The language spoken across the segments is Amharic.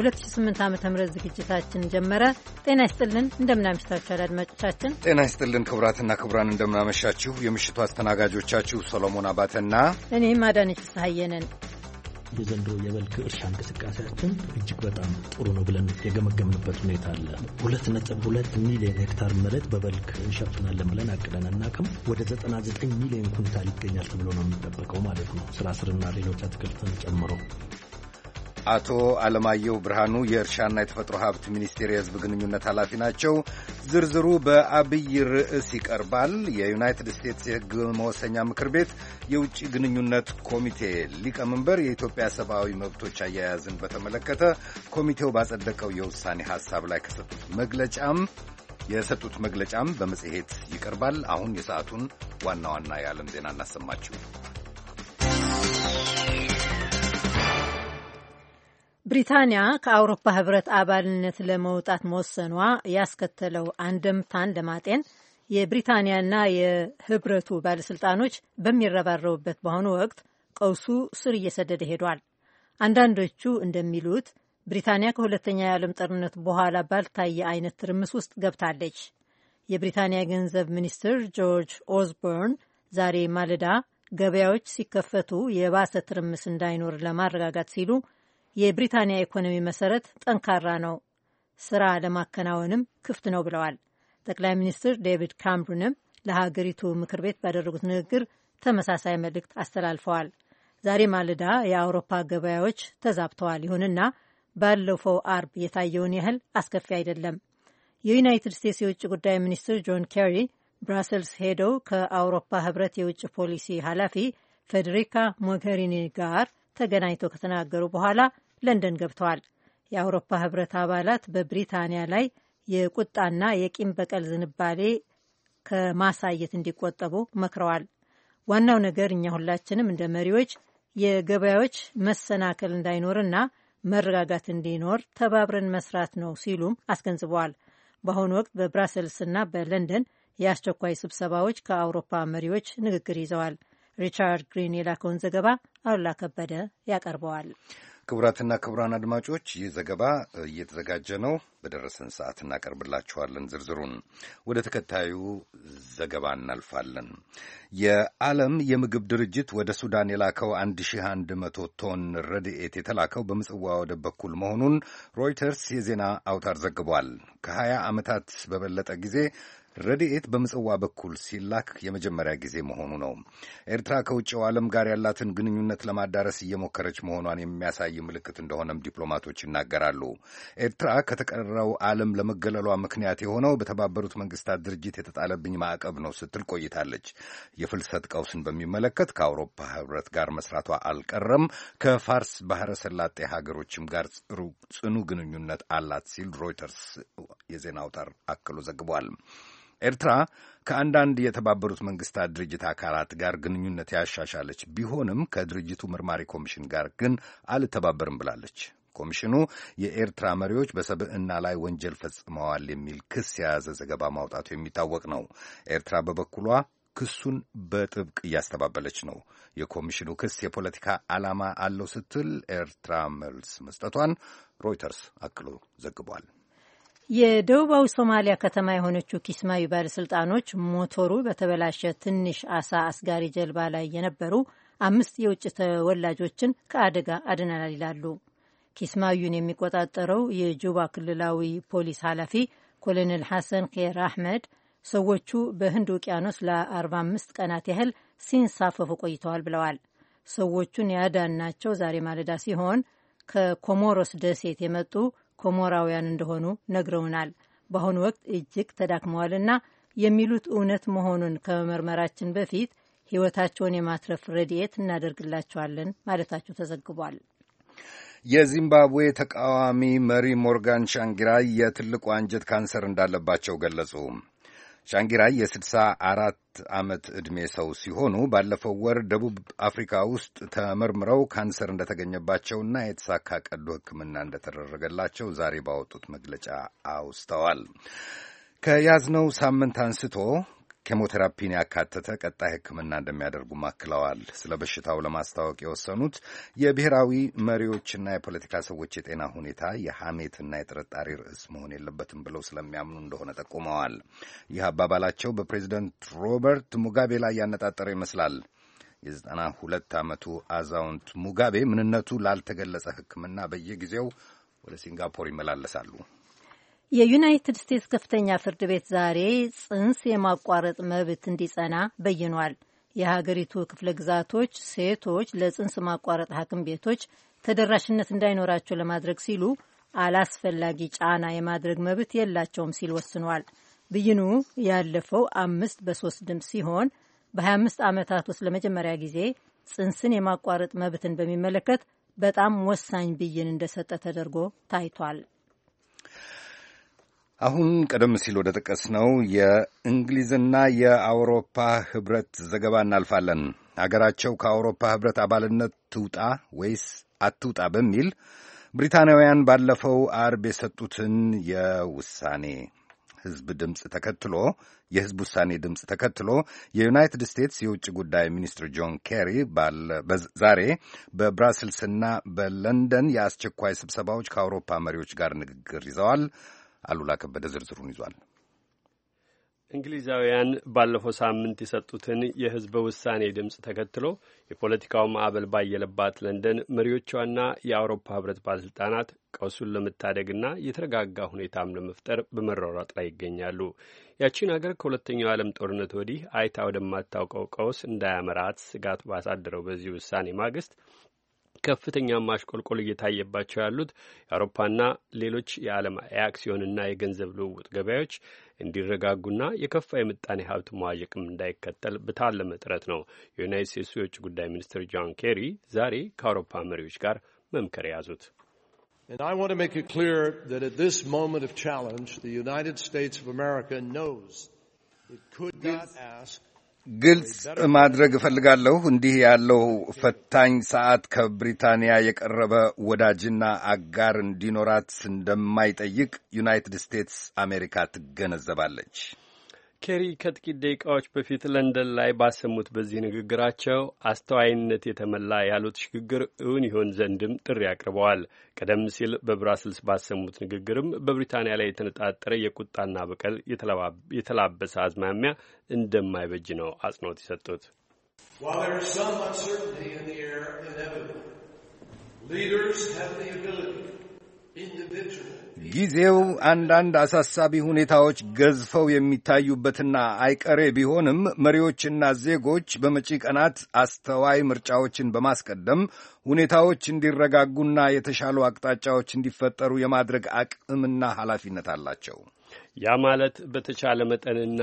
2008 ዓ ም ዝግጅታችን ጀመረ። ጤና ይስጥልን፣ እንደምናመሽታችኋል አድማጮቻችን። ጤና ይስጥልን ክቡራትና ክቡራን፣ እንደምናመሻችሁ። የምሽቱ አስተናጋጆቻችሁ ሰሎሞን አባተና እኔም አዳነች ፍስሐዬ ነን። የዘንድሮ የበልግ እርሻ እንቅስቃሴያችን እጅግ በጣም ጥሩ ነው ብለን የገመገምንበት ሁኔታ አለ። ሁለት ነጥብ ሁለት ሚሊዮን ሄክታር መሬት በበልግ እንሸፍናለን ብለን አቅደን አናቅም። ወደ 99 ሚሊዮን ኩንታል ይገኛል ተብሎ ነው የሚጠበቀው ማለት ነው ስራ ስርና ሌሎች አትክልትን ጨምሮ አቶ አለማየሁ ብርሃኑ የእርሻና የተፈጥሮ ሀብት ሚኒስቴር የህዝብ ግንኙነት ኃላፊ ናቸው። ዝርዝሩ በአብይ ርዕስ ይቀርባል። የዩናይትድ ስቴትስ የህግ መወሰኛ ምክር ቤት የውጭ ግንኙነት ኮሚቴ ሊቀመንበር የኢትዮጵያ ሰብአዊ መብቶች አያያዝን በተመለከተ ኮሚቴው ባጸደቀው የውሳኔ ሀሳብ ላይ ከሰጡት መግለጫም የሰጡት መግለጫም በመጽሔት ይቀርባል። አሁን የሰዓቱን ዋና ዋና የዓለም ዜና እናሰማችሁ። ብሪታንያ ከአውሮፓ ህብረት አባልነት ለመውጣት መወሰኗ ያስከተለው አንደምታን ለማጤን የብሪታንያና የህብረቱ ባለሥልጣኖች በሚረባረቡበት በአሁኑ ወቅት ቀውሱ ስር እየሰደደ ሄዷል። አንዳንዶቹ እንደሚሉት ብሪታንያ ከሁለተኛ የዓለም ጦርነት በኋላ ባልታየ አይነት ትርምስ ውስጥ ገብታለች። የብሪታንያ ገንዘብ ሚኒስትር ጆርጅ ኦዝቦርን ዛሬ ማለዳ ገበያዎች ሲከፈቱ የባሰ ትርምስ እንዳይኖር ለማረጋጋት ሲሉ የብሪታንያ ኢኮኖሚ መሰረት ጠንካራ ነው፣ ስራ ለማከናወንም ክፍት ነው ብለዋል። ጠቅላይ ሚኒስትር ዴቪድ ካምሩንም ለሀገሪቱ ምክር ቤት ባደረጉት ንግግር ተመሳሳይ መልእክት አስተላልፈዋል። ዛሬ ማለዳ የአውሮፓ ገበያዎች ተዛብተዋል። ይሁንና ባለፈው አርብ የታየውን ያህል አስከፊ አይደለም። የዩናይትድ ስቴትስ የውጭ ጉዳይ ሚኒስትር ጆን ኬሪ ብራሰልስ ሄደው ከአውሮፓ ህብረት የውጭ ፖሊሲ ኃላፊ ፌዴሪካ ሞገሪኒ ጋር ተገናኝተው ከተናገሩ በኋላ ለንደን ገብተዋል። የአውሮፓ ህብረት አባላት በብሪታንያ ላይ የቁጣና የቂም በቀል ዝንባሌ ከማሳየት እንዲቆጠቡ መክረዋል። ዋናው ነገር እኛ ሁላችንም እንደ መሪዎች የገበያዎች መሰናከል እንዳይኖርና መረጋጋት እንዲኖር ተባብረን መስራት ነው ሲሉም አስገንዝበዋል። በአሁኑ ወቅት በብራሰልስና በለንደን የአስቸኳይ ስብሰባዎች ከአውሮፓ መሪዎች ንግግር ይዘዋል። ሪቻርድ ግሪን የላከውን ዘገባ አሉላ ከበደ ያቀርበዋል። ክቡራትና ክቡራን አድማጮች ይህ ዘገባ እየተዘጋጀ ነው። በደረሰን ሰዓት እናቀርብላችኋለን ዝርዝሩን። ወደ ተከታዩ ዘገባ እናልፋለን። የዓለም የምግብ ድርጅት ወደ ሱዳን የላከው 1100 ቶን ረድኤት የተላከው በምጽዋ ወደብ በኩል መሆኑን ሮይተርስ የዜና አውታር ዘግቧል። ከ20 ዓመታት በበለጠ ጊዜ ረድኤት በምጽዋ በኩል ሲላክ የመጀመሪያ ጊዜ መሆኑ ነው። ኤርትራ ከውጭው ዓለም ጋር ያላትን ግንኙነት ለማዳረስ እየሞከረች መሆኗን የሚያሳይ ምልክት እንደሆነም ዲፕሎማቶች ይናገራሉ። ኤርትራ ከተቀረው ዓለም ለመገለሏ ምክንያት የሆነው በተባበሩት መንግስታት ድርጅት የተጣለብኝ ማዕቀብ ነው ስትል ቆይታለች። የፍልሰት ቀውስን በሚመለከት ከአውሮፓ ህብረት ጋር መስራቷ አልቀረም። ከፋርስ ባህረ ሰላጤ ሀገሮችም ጋር ጽኑ ግንኙነት አላት ሲል ሮይተርስ የዜና አውታር አክሎ ዘግቧል። ኤርትራ ከአንዳንድ የተባበሩት መንግስታት ድርጅት አካላት ጋር ግንኙነት ያሻሻለች ቢሆንም ከድርጅቱ ምርማሪ ኮሚሽን ጋር ግን አልተባበርም ብላለች። ኮሚሽኑ የኤርትራ መሪዎች በሰብዕና ላይ ወንጀል ፈጽመዋል የሚል ክስ የያዘ ዘገባ ማውጣቱ የሚታወቅ ነው። ኤርትራ በበኩሏ ክሱን በጥብቅ እያስተባበለች ነው። የኮሚሽኑ ክስ የፖለቲካ ዓላማ አለው ስትል ኤርትራ መልስ መስጠቷን ሮይተርስ አክሎ ዘግቧል። የደቡባዊ ሶማሊያ ከተማ የሆነችው ኪስማዩ ባለሥልጣኖች ሞቶሩ በተበላሸ ትንሽ አሳ አስጋሪ ጀልባ ላይ የነበሩ አምስት የውጭ ተወላጆችን ከአደጋ አድነናል ይላሉ። ኪስማዩን የሚቆጣጠረው የጁባ ክልላዊ ፖሊስ ኃላፊ ኮሎኔል ሐሰን ኬር አሕመድ ሰዎቹ በህንድ ውቅያኖስ ለ45 ቀናት ያህል ሲንሳፈፉ ቆይተዋል ብለዋል። ሰዎቹን ያዳናቸው ዛሬ ማለዳ ሲሆን ከኮሞሮስ ደሴት የመጡ ኮሞራውያን እንደሆኑ ነግረውናል። በአሁኑ ወቅት እጅግ ተዳክመዋልና የሚሉት እውነት መሆኑን ከመመርመራችን በፊት ሕይወታቸውን የማትረፍ ረድኤት እናደርግላቸዋለን ማለታቸው ተዘግቧል። የዚምባብዌ ተቃዋሚ መሪ ሞርጋን ሻንግራይ የትልቁ አንጀት ካንሰር እንዳለባቸው ገለጹ። ሻንጊራይ የስድሳ አራት ዓመት ዕድሜ ሰው ሲሆኑ ባለፈው ወር ደቡብ አፍሪካ ውስጥ ተመርምረው ካንሰር እንደተገኘባቸውና የተሳካ ቀዶ ሕክምና እንደተደረገላቸው ዛሬ ባወጡት መግለጫ አውስተዋል። ከያዝነው ሳምንት አንስቶ ኬሞቴራፒን ያካተተ ቀጣይ ሕክምና እንደሚያደርጉም አክለዋል። ስለ በሽታው ለማስታወቅ የወሰኑት የብሔራዊ መሪዎችና የፖለቲካ ሰዎች የጤና ሁኔታ የሐሜትና የጥርጣሬ ርዕስ መሆን የለበትም ብለው ስለሚያምኑ እንደሆነ ጠቁመዋል። ይህ አባባላቸው በፕሬዚደንት ሮበርት ሙጋቤ ላይ ያነጣጠረ ይመስላል። የዘጠና ሁለት ዓመቱ አዛውንት ሙጋቤ ምንነቱ ላልተገለጸ ሕክምና በየጊዜው ወደ ሲንጋፖር ይመላለሳሉ። የዩናይትድ ስቴትስ ከፍተኛ ፍርድ ቤት ዛሬ ጽንስ የማቋረጥ መብት እንዲጸና በይኗል። የሀገሪቱ ክፍለ ግዛቶች ሴቶች ለጽንስ ማቋረጥ ሐኪም ቤቶች ተደራሽነት እንዳይኖራቸው ለማድረግ ሲሉ አላስፈላጊ ጫና የማድረግ መብት የላቸውም ሲል ወስኗል። ብይኑ ያለፈው አምስት በሶስት ድምፅ ሲሆን በ25 ዓመታት ውስጥ ለመጀመሪያ ጊዜ ጽንስን የማቋረጥ መብትን በሚመለከት በጣም ወሳኝ ብይን እንደሰጠ ተደርጎ ታይቷል። አሁን ቀደም ሲል ወደ ጠቀስነው የእንግሊዝና የአውሮፓ ህብረት ዘገባ እናልፋለን። አገራቸው ከአውሮፓ ህብረት አባልነት ትውጣ ወይስ አትውጣ በሚል ብሪታንያውያን ባለፈው አርብ የሰጡትን የውሳኔ ህዝብ ድምፅ ተከትሎ የህዝብ ውሳኔ ድምፅ ተከትሎ የዩናይትድ ስቴትስ የውጭ ጉዳይ ሚኒስትር ጆን ኬሪ ዛሬ በብራስልስና በለንደን የአስቸኳይ ስብሰባዎች ከአውሮፓ መሪዎች ጋር ንግግር ይዘዋል። አሉላ ከበደ ዝርዝሩን ይዟል። እንግሊዛውያን ባለፈው ሳምንት የሰጡትን የህዝበ ውሳኔ ድምፅ ተከትሎ የፖለቲካው ማዕበል ባየለባት ለንደን መሪዎቿና የአውሮፓ ህብረት ባለሥልጣናት ቀውሱን ለመታደግና የተረጋጋ ሁኔታም ለመፍጠር በመሯሯጥ ላይ ይገኛሉ። ያቺን አገር ከሁለተኛው ዓለም ጦርነት ወዲህ አይታ ወደማታውቀው ቀውስ እንዳያመራት ስጋት ባሳደረው በዚህ ውሳኔ ማግስት ከፍተኛ ማሽቆልቆል እየታየባቸው ያሉት የአውሮፓና ሌሎች የዓለም የአክሲዮንና የገንዘብ ልውውጥ ገበያዎች እንዲረጋጉና የከፋ የምጣኔ ሀብት መዋዠቅም እንዳይከተል በታለመ ጥረት ነው የዩናይት ስቴትሱ የውጭ ጉዳይ ሚኒስትር ጆን ኬሪ ዛሬ ከአውሮፓ መሪዎች ጋር መምከር የያዙት። And I want to make it clear that at this moment of challenge, the United States of America knows it could not ask ግልጽ ማድረግ እፈልጋለሁ። እንዲህ ያለው ፈታኝ ሰዓት ከብሪታንያ የቀረበ ወዳጅና አጋር እንዲኖራት እንደማይጠይቅ ዩናይትድ ስቴትስ አሜሪካ ትገነዘባለች። ኬሪ ከጥቂት ደቂቃዎች በፊት ለንደን ላይ ባሰሙት በዚህ ንግግራቸው አስተዋይነት የተመላ ያሉት ሽግግር እውን ይሆን ዘንድም ጥሪ አቅርበዋል። ቀደም ሲል በብራስልስ ባሰሙት ንግግርም በብሪታንያ ላይ የተነጣጠረ የቁጣና በቀል የተላበሰ አዝማሚያ እንደማይበጅ ነው አጽንኦት የሰጡት። While ጊዜው አንዳንድ አሳሳቢ ሁኔታዎች ገዝፈው የሚታዩበትና አይቀሬ ቢሆንም መሪዎችና ዜጎች በመጪ ቀናት አስተዋይ ምርጫዎችን በማስቀደም ሁኔታዎች እንዲረጋጉና የተሻሉ አቅጣጫዎች እንዲፈጠሩ የማድረግ አቅምና ኃላፊነት አላቸው። ያ ማለት በተቻለ መጠንና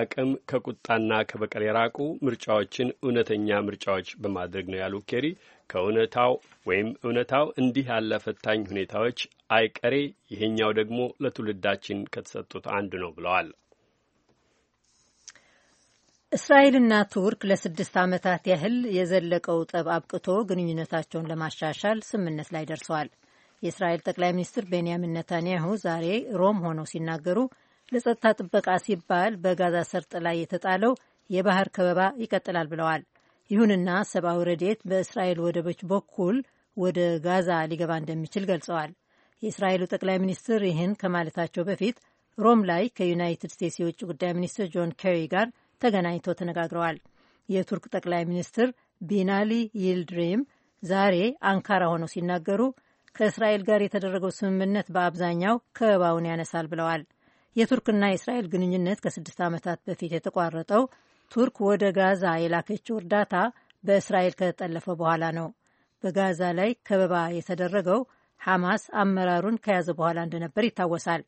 አቅም ከቁጣና ከበቀል የራቁ ምርጫዎችን እውነተኛ ምርጫዎች በማድረግ ነው ያሉ ኬሪ ከእውነታው ወይም እውነታው እንዲህ ያለ ፈታኝ ሁኔታዎች አይቀሬ፣ ይሄኛው ደግሞ ለትውልዳችን ከተሰጡት አንዱ ነው ብለዋል። እስራኤልና ቱርክ ለስድስት ዓመታት ያህል የዘለቀው ጠብ አብቅቶ ግንኙነታቸውን ለማሻሻል ስምምነት ላይ ደርሰዋል። የእስራኤል ጠቅላይ ሚኒስትር ቤንያሚን ነታንያሁ ዛሬ ሮም ሆነው ሲናገሩ ለጸጥታ ጥበቃ ሲባል በጋዛ ሰርጥ ላይ የተጣለው የባህር ከበባ ይቀጥላል ብለዋል። ይሁንና ሰብአዊ ረድኤት በእስራኤል ወደቦች በኩል ወደ ጋዛ ሊገባ እንደሚችል ገልጸዋል። የእስራኤሉ ጠቅላይ ሚኒስትር ይህን ከማለታቸው በፊት ሮም ላይ ከዩናይትድ ስቴትስ የውጭ ጉዳይ ሚኒስትር ጆን ኬሪ ጋር ተገናኝተው ተነጋግረዋል። የቱርክ ጠቅላይ ሚኒስትር ቢናሊ ይልድሪም ዛሬ አንካራ ሆነው ሲናገሩ ከእስራኤል ጋር የተደረገው ስምምነት በአብዛኛው ከበባውን ያነሳል ብለዋል። የቱርክና የእስራኤል ግንኙነት ከስድስት ዓመታት በፊት የተቋረጠው ቱርክ ወደ ጋዛ የላከችው እርዳታ በእስራኤል ከተጠለፈ በኋላ ነው። በጋዛ ላይ ከበባ የተደረገው ሐማስ አመራሩን ከያዘ በኋላ እንደነበር ይታወሳል።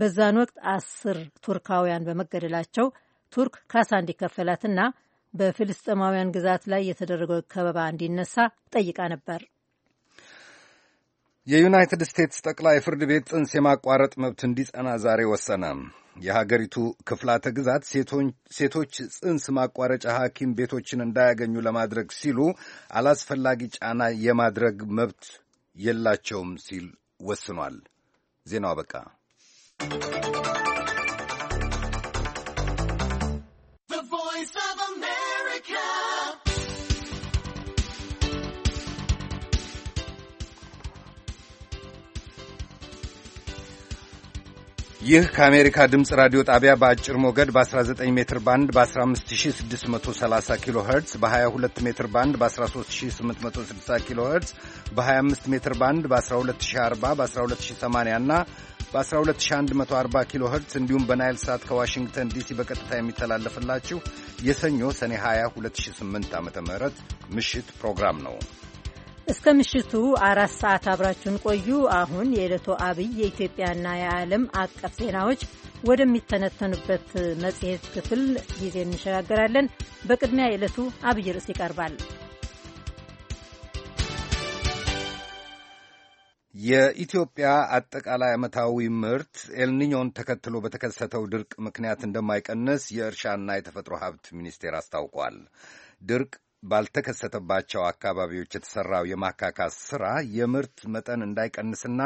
በዛን ወቅት አስር ቱርካውያን በመገደላቸው ቱርክ ካሳ እንዲከፈላትና በፍልስጥማውያን ግዛት ላይ የተደረገው ከበባ እንዲነሳ ጠይቃ ነበር። የዩናይትድ ስቴትስ ጠቅላይ ፍርድ ቤት ጽንስ የማቋረጥ መብት እንዲጸና ዛሬ ወሰነ። የሀገሪቱ ክፍላተ ግዛት ሴቶች ጽንስ ማቋረጫ ሐኪም ቤቶችን እንዳያገኙ ለማድረግ ሲሉ አላስፈላጊ ጫና የማድረግ መብት የላቸውም ሲል ወስኗል። ዜናው አበቃ። ይህ ከአሜሪካ ድምፅ ራዲዮ ጣቢያ በአጭር ሞገድ በ19 ሜትር ባንድ በ15630 ኪሎ ኸርትዝ በ22 ሜትር ባንድ በ13860 ኪሎ ኸርትዝ በ25 ሜትር ባንድ በ12040 በ12080 እና በ12140 ኪሎ ኸርትዝ እንዲሁም በናይል ሳት ከዋሽንግተን ዲሲ በቀጥታ የሚተላለፍላችሁ የሰኞ ሰኔ 2 2008 ዓ ም ምሽት ፕሮግራም ነው። እስከ ምሽቱ አራት ሰዓት አብራችሁን ቆዩ። አሁን የዕለቱ አብይ የኢትዮጵያና የዓለም አቀፍ ዜናዎች ወደሚተነተኑበት መጽሔት ክፍል ጊዜ እንሸጋገራለን። በቅድሚያ የዕለቱ አብይ ርዕስ ይቀርባል። የኢትዮጵያ አጠቃላይ ዓመታዊ ምርት ኤልኒኞን ተከትሎ በተከሰተው ድርቅ ምክንያት እንደማይቀንስ የእርሻና የተፈጥሮ ሀብት ሚኒስቴር አስታውቋል። ድርቅ ባልተከሰተባቸው አካባቢዎች የተሠራው የማካካስ ሥራ የምርት መጠን እንዳይቀንስና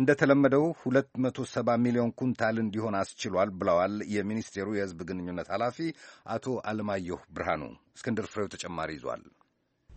እንደተለመደው 270 ሚሊዮን ኩንታል እንዲሆን አስችሏል ብለዋል የሚኒስቴሩ የሕዝብ ግንኙነት ኃላፊ አቶ አለማየሁ ብርሃኑ። እስክንድር ፍሬው ተጨማሪ ይዟል።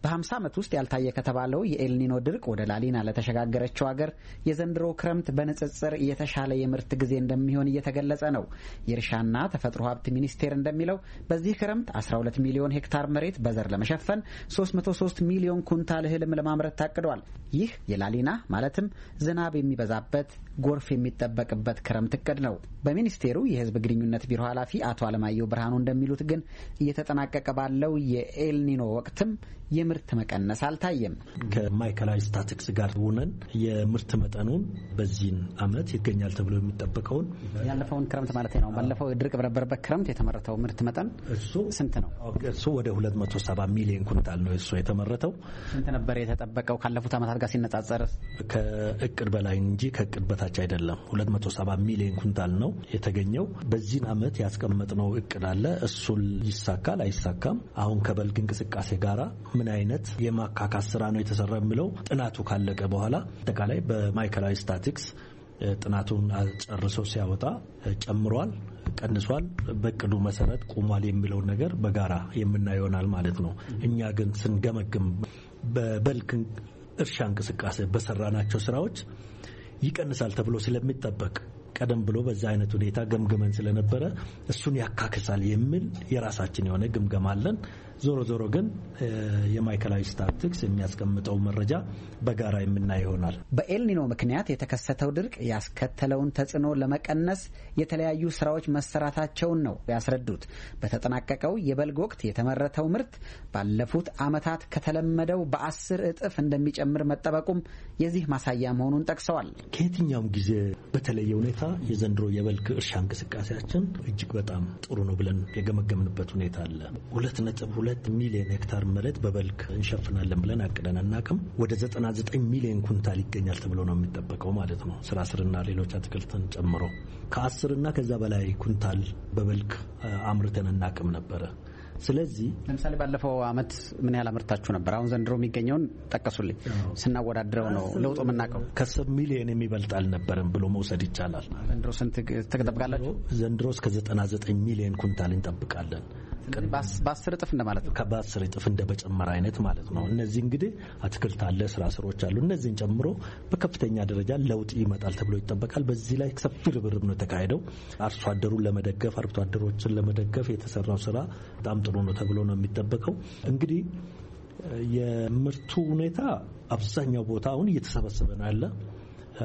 በ50 ዓመት ውስጥ ያልታየ ከተባለው የኤልኒኖ ድርቅ ወደ ላሊና ለተሸጋገረችው አገር የዘንድሮ ክረምት በንጽጽር የተሻለ የምርት ጊዜ እንደሚሆን እየተገለጸ ነው። የእርሻና ተፈጥሮ ሀብት ሚኒስቴር እንደሚለው በዚህ ክረምት 12 ሚሊዮን ሄክታር መሬት በዘር ለመሸፈን 303 ሚሊዮን ኩንታል እህልም ለማምረት ታቅዷል። ይህ የላሊና ማለትም ዝናብ የሚበዛበት ጎርፍ የሚጠበቅበት ክረምት እቅድ ነው። በሚኒስቴሩ የህዝብ ግንኙነት ቢሮ ኃላፊ አቶ አለማየሁ ብርሃኑ እንደሚሉት ግን እየተጠናቀቀ ባለው የኤልኒኖ ወቅትም ምርት መቀነስ አልታየም። ከማይከላይ ስታቲክስ ጋር ሆነን የምርት መጠኑን በዚህን አመት ይገኛል ተብሎ የሚጠበቀውን ያለፈውን ክረምት ማለት ነው። ባለፈው ድርቅ በነበረበት ክረምት የተመረተው ምርት መጠን እሱ ስንት ነው? እሱ ወደ 270 ሚሊዮን ኩንታል ነው እሱ የተመረተው። ስንት ነበር የተጠበቀው? ካለፉት ዓመታት ጋር ሲነጻጸር ከእቅድ በላይ እንጂ ከእቅድ በታች አይደለም። 270 ሚሊዮን ኩንታል ነው የተገኘው። በዚህን አመት ያስቀመጥነው እቅድ አለ። እሱን ይሳካል አይሳካም አሁን ከበልግ እንቅስቃሴ ጋራ ምን አይነት የማካካስ ስራ ነው የተሰራ የሚለው ጥናቱ ካለቀ በኋላ አጠቃላይ በማዕከላዊ ስታቲክስ ጥናቱን ጨርሶ ሲያወጣ ጨምሯል፣ ቀንሷል፣ በቅዱ መሰረት ቁሟል የሚለውን ነገር በጋራ የምናየው ይሆናል ማለት ነው። እኛ ግን ስንገመግም በበልክ እርሻ እንቅስቃሴ በሰራናቸው ስራዎች ይቀንሳል ተብሎ ስለሚጠበቅ ቀደም ብሎ በዚ አይነት ሁኔታ ገምግመን ስለነበረ እሱን ያካክሳል የሚል የራሳችን የሆነ ግምገማ አለን። ዞሮ ዞሮ ግን የማዕከላዊ ስታትስቲክስ የሚያስቀምጠው መረጃ በጋራ የምናይ ይሆናል። በኤልኒኖ ምክንያት የተከሰተው ድርቅ ያስከተለውን ተጽዕኖ ለመቀነስ የተለያዩ ስራዎች መሰራታቸውን ነው ያስረዱት። በተጠናቀቀው የበልግ ወቅት የተመረተው ምርት ባለፉት ዓመታት ከተለመደው በአስር እጥፍ እንደሚጨምር መጠበቁም የዚህ ማሳያ መሆኑን ጠቅሰዋል። ከየትኛውም ጊዜ በተለየ ሁኔታ የዘንድሮ የበልግ እርሻ እንቅስቃሴያችን እጅግ በጣም ጥሩ ነው ብለን የገመገምንበት ሁኔታ አለ ሁለት ነጥብ ሁለት ሚሊዮን ሄክታር መሬት በበልግ እንሸፍናለን ብለን አቅደን አናቅም። ወደ ዘጠና ዘጠኝ ሚሊዮን ኩንታል ይገኛል ተብሎ ነው የሚጠበቀው ማለት ነው። ስራ ስርና ሌሎች አትክልትን ጨምሮ ከአስርና ከዛ በላይ ኩንታል በበልግ አምርተን አናቅም ነበረ። ስለዚህ ለምሳሌ ባለፈው አመት ምን ያህል አምርታችሁ ነበር? አሁን ዘንድሮ የሚገኘውን ጠቀሱልኝ። ስናወዳድረው ነው ለውጡ የምናውቀው። ከስብ ሚሊዮን የሚበልጥ አልነበረም ብሎ መውሰድ ይቻላል። ዘንድሮ ስንት ትጠብቃላችሁ? ዘንድሮ እስከ ዘጠና ዘጠኝ ሚሊዮን ኩንታል እንጠብቃለን። በአስር እጥፍ እንደማለት ነው። በአስር እጥፍ እንደ መጨመር አይነት ማለት ነው። እነዚህ እንግዲህ አትክልት አለ፣ ስራ ስሮች አሉ። እነዚህን ጨምሮ በከፍተኛ ደረጃ ለውጥ ይመጣል ተብሎ ይጠበቃል። በዚህ ላይ ሰፊ ርብርብ ነው የተካሄደው። አርሶ አደሩን ለመደገፍ አርብቶ አደሮችን ለመደገፍ የተሰራው ስራ በጣም ጥሩ ነው ተብሎ ነው የሚጠበቀው እንግዲህ የምርቱ ሁኔታ አብዛኛው ቦታ አሁን እየተሰበሰበ ነው ያለ።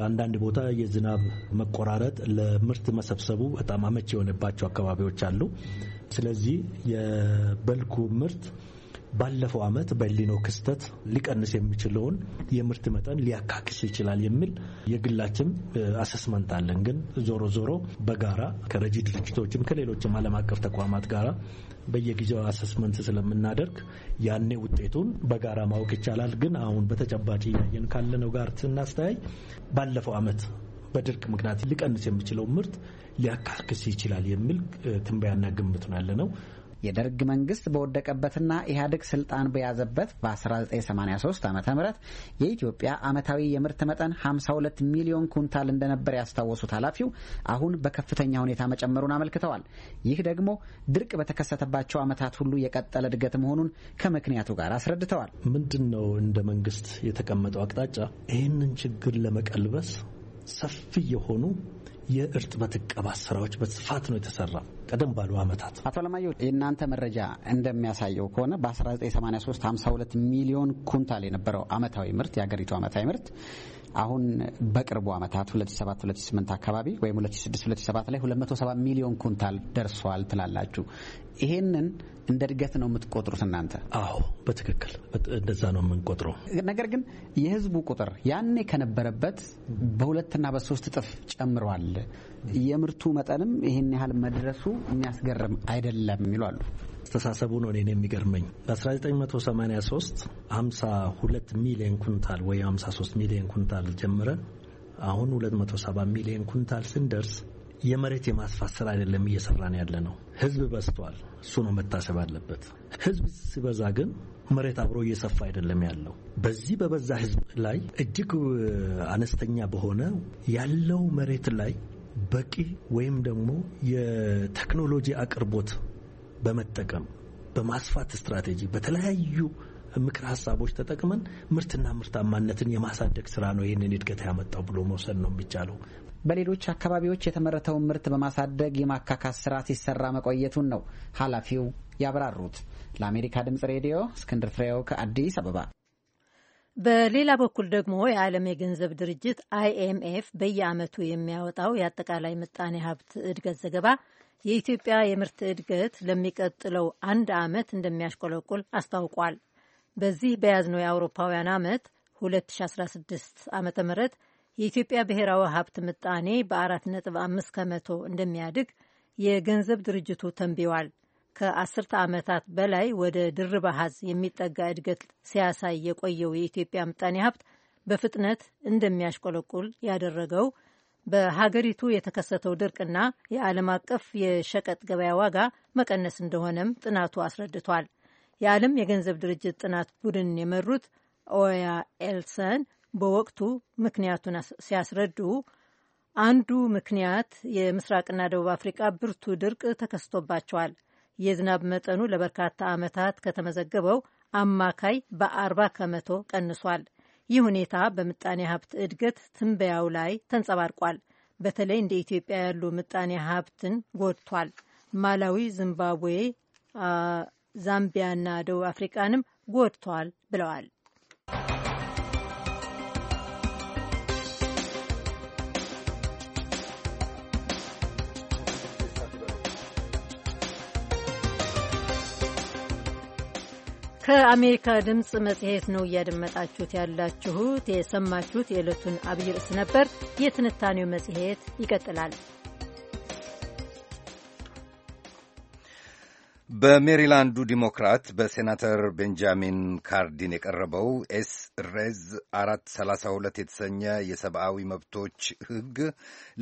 አንዳንድ ቦታ የዝናብ መቆራረጥ ለምርት መሰብሰቡ በጣም አመቺ የሆነባቸው አካባቢዎች አሉ። ስለዚህ የበልኩ ምርት ባለፈው ዓመት በሊኖ ክስተት ሊቀንስ የሚችለውን የምርት መጠን ሊያካክስ ይችላል የሚል የግላችን አሰስመንት አለን። ግን ዞሮ ዞሮ በጋራ ከረጂ ድርጅቶችም ከሌሎችም ዓለም አቀፍ ተቋማት ጋር በየጊዜው አሰስመንት ስለምናደርግ ያኔ ውጤቱን በጋራ ማወቅ ይቻላል። ግን አሁን በተጨባጭ እያየን ካለነው ጋር ስናስተያይ ባለፈው ዓመት በድርቅ ምክንያት ሊቀንስ የሚችለው ምርት ሊያካክስ ይችላል የሚል ትንበያና ግምት ነው ያለ ነው። የደርግ መንግስት በወደቀበትና ኢህአዴግ ስልጣን በያዘበት በ1983 ዓ ም የኢትዮጵያ ዓመታዊ የምርት መጠን 52 ሚሊዮን ኩንታል እንደነበር ያስታወሱት ኃላፊው አሁን በከፍተኛ ሁኔታ መጨመሩን አመልክተዋል። ይህ ደግሞ ድርቅ በተከሰተባቸው ዓመታት ሁሉ የቀጠለ እድገት መሆኑን ከምክንያቱ ጋር አስረድተዋል። ምንድን ነው እንደ መንግስት የተቀመጠው አቅጣጫ? ይህንን ችግር ለመቀልበስ ሰፊ የሆኑ የእርጥበት እቀባት ስራዎች በስፋት ነው የተሰራ። ቀደም ባሉ አመታት አቶ አለማየሁ የእናንተ መረጃ እንደሚያሳየው ከሆነ በ1983 52 ሚሊዮን ኩንታል የነበረው ዓመታዊ ምርት የአገሪቱ ዓመታዊ ምርት አሁን በቅርቡ ዓመታት 2007 2008 አካባቢ ወይም 2006 2007 ላይ 270 ሚሊዮን ኩንታል ደርሷል ትላላችሁ። ይሄንን እንደ እድገት ነው የምትቆጥሩት እናንተ? አዎ በትክክል እንደዛ ነው የምንቆጥረው። ነገር ግን የህዝቡ ቁጥር ያኔ ከነበረበት በሁለትና በሶስት እጥፍ ጨምሯል። የምርቱ መጠንም ይህን ያህል መድረሱ የሚያስገርም አይደለም ይሏሉ። አስተሳሰቡ ነው እኔን የሚገርመኝ። በ1983 52 ሚሊዮን ኩንታል ወይ 53 ሚሊዮን ኩንታል ጀምረን አሁን 270 ሚሊዮን ኩንታል ስንደርስ የመሬት የማስፋት ስራ አይደለም እየሰራን ያለ ነው። ህዝብ በዝቷል። እሱ ነው መታሰብ አለበት። ህዝብ ሲበዛ ግን መሬት አብሮ እየሰፋ አይደለም ያለው። በዚህ በበዛ ህዝብ ላይ እጅግ አነስተኛ በሆነ ያለው መሬት ላይ በቂ ወይም ደግሞ የቴክኖሎጂ አቅርቦት በመጠቀም በማስፋት ስትራቴጂ በተለያዩ ምክር ሀሳቦች ተጠቅመን ምርትና ምርታማነትን የማሳደግ ስራ ነው ይህንን እድገት ያመጣው ብሎ መውሰድ ነው የሚቻለው። በሌሎች አካባቢዎች የተመረተውን ምርት በማሳደግ የማካካስ ስራ ሲሰራ መቆየቱን ነው ኃላፊው ያብራሩት። ለአሜሪካ ድምጽ ሬዲዮ እስክንድር ፍሬው ከአዲስ አበባ። በሌላ በኩል ደግሞ የዓለም የገንዘብ ድርጅት አይኤምኤፍ በየዓመቱ የሚያወጣው የአጠቃላይ ምጣኔ ሀብት እድገት ዘገባ የኢትዮጵያ የምርት እድገት ለሚቀጥለው አንድ ዓመት እንደሚያሽቆለቁል አስታውቋል። በዚህ በያዝነው የአውሮፓውያን ዓመት 2016 ዓ ም የኢትዮጵያ ብሔራዊ ሀብት ምጣኔ በ4.5 ከመቶ እንደሚያድግ የገንዘብ ድርጅቱ ተንቢዋል። ከአስርተ ዓመታት በላይ ወደ ድርብ አሃዝ የሚጠጋ እድገት ሲያሳይ የቆየው የኢትዮጵያ ምጣኔ ሀብት በፍጥነት እንደሚያሽቆለቁል ያደረገው በሀገሪቱ የተከሰተው ድርቅና የዓለም አቀፍ የሸቀጥ ገበያ ዋጋ መቀነስ እንደሆነም ጥናቱ አስረድቷል። የዓለም የገንዘብ ድርጅት ጥናት ቡድን የመሩት ኦያ ኤልሰን በወቅቱ ምክንያቱን ሲያስረዱ አንዱ ምክንያት የምስራቅና ደቡብ አፍሪቃ ብርቱ ድርቅ ተከስቶባቸዋል። የዝናብ መጠኑ ለበርካታ ዓመታት ከተመዘገበው አማካይ በ ከመቶ ቀንሷል። ይህ ሁኔታ በምጣኔ ሀብት እድገት ትንበያው ላይ ተንጸባርቋል። በተለይ እንደ ኢትዮጵያ ያሉ ምጣኔ ሀብትን ጎድቷል። ማላዊ፣ ዚምባብዌ፣ ዛምቢያና ደቡብ አፍሪቃንም ጎድቷል ብለዋል። ከአሜሪካ ድምፅ መጽሔት ነው እያደመጣችሁት ያላችሁት። የሰማችሁት የዕለቱን አብይ ርዕስ ነበር። የትንታኔው መጽሔት ይቀጥላል። በሜሪላንዱ ዲሞክራት በሴናተር ቤንጃሚን ካርዲን የቀረበው ኤስ ሬዝ 432 የተሰኘ የሰብአዊ መብቶች ሕግ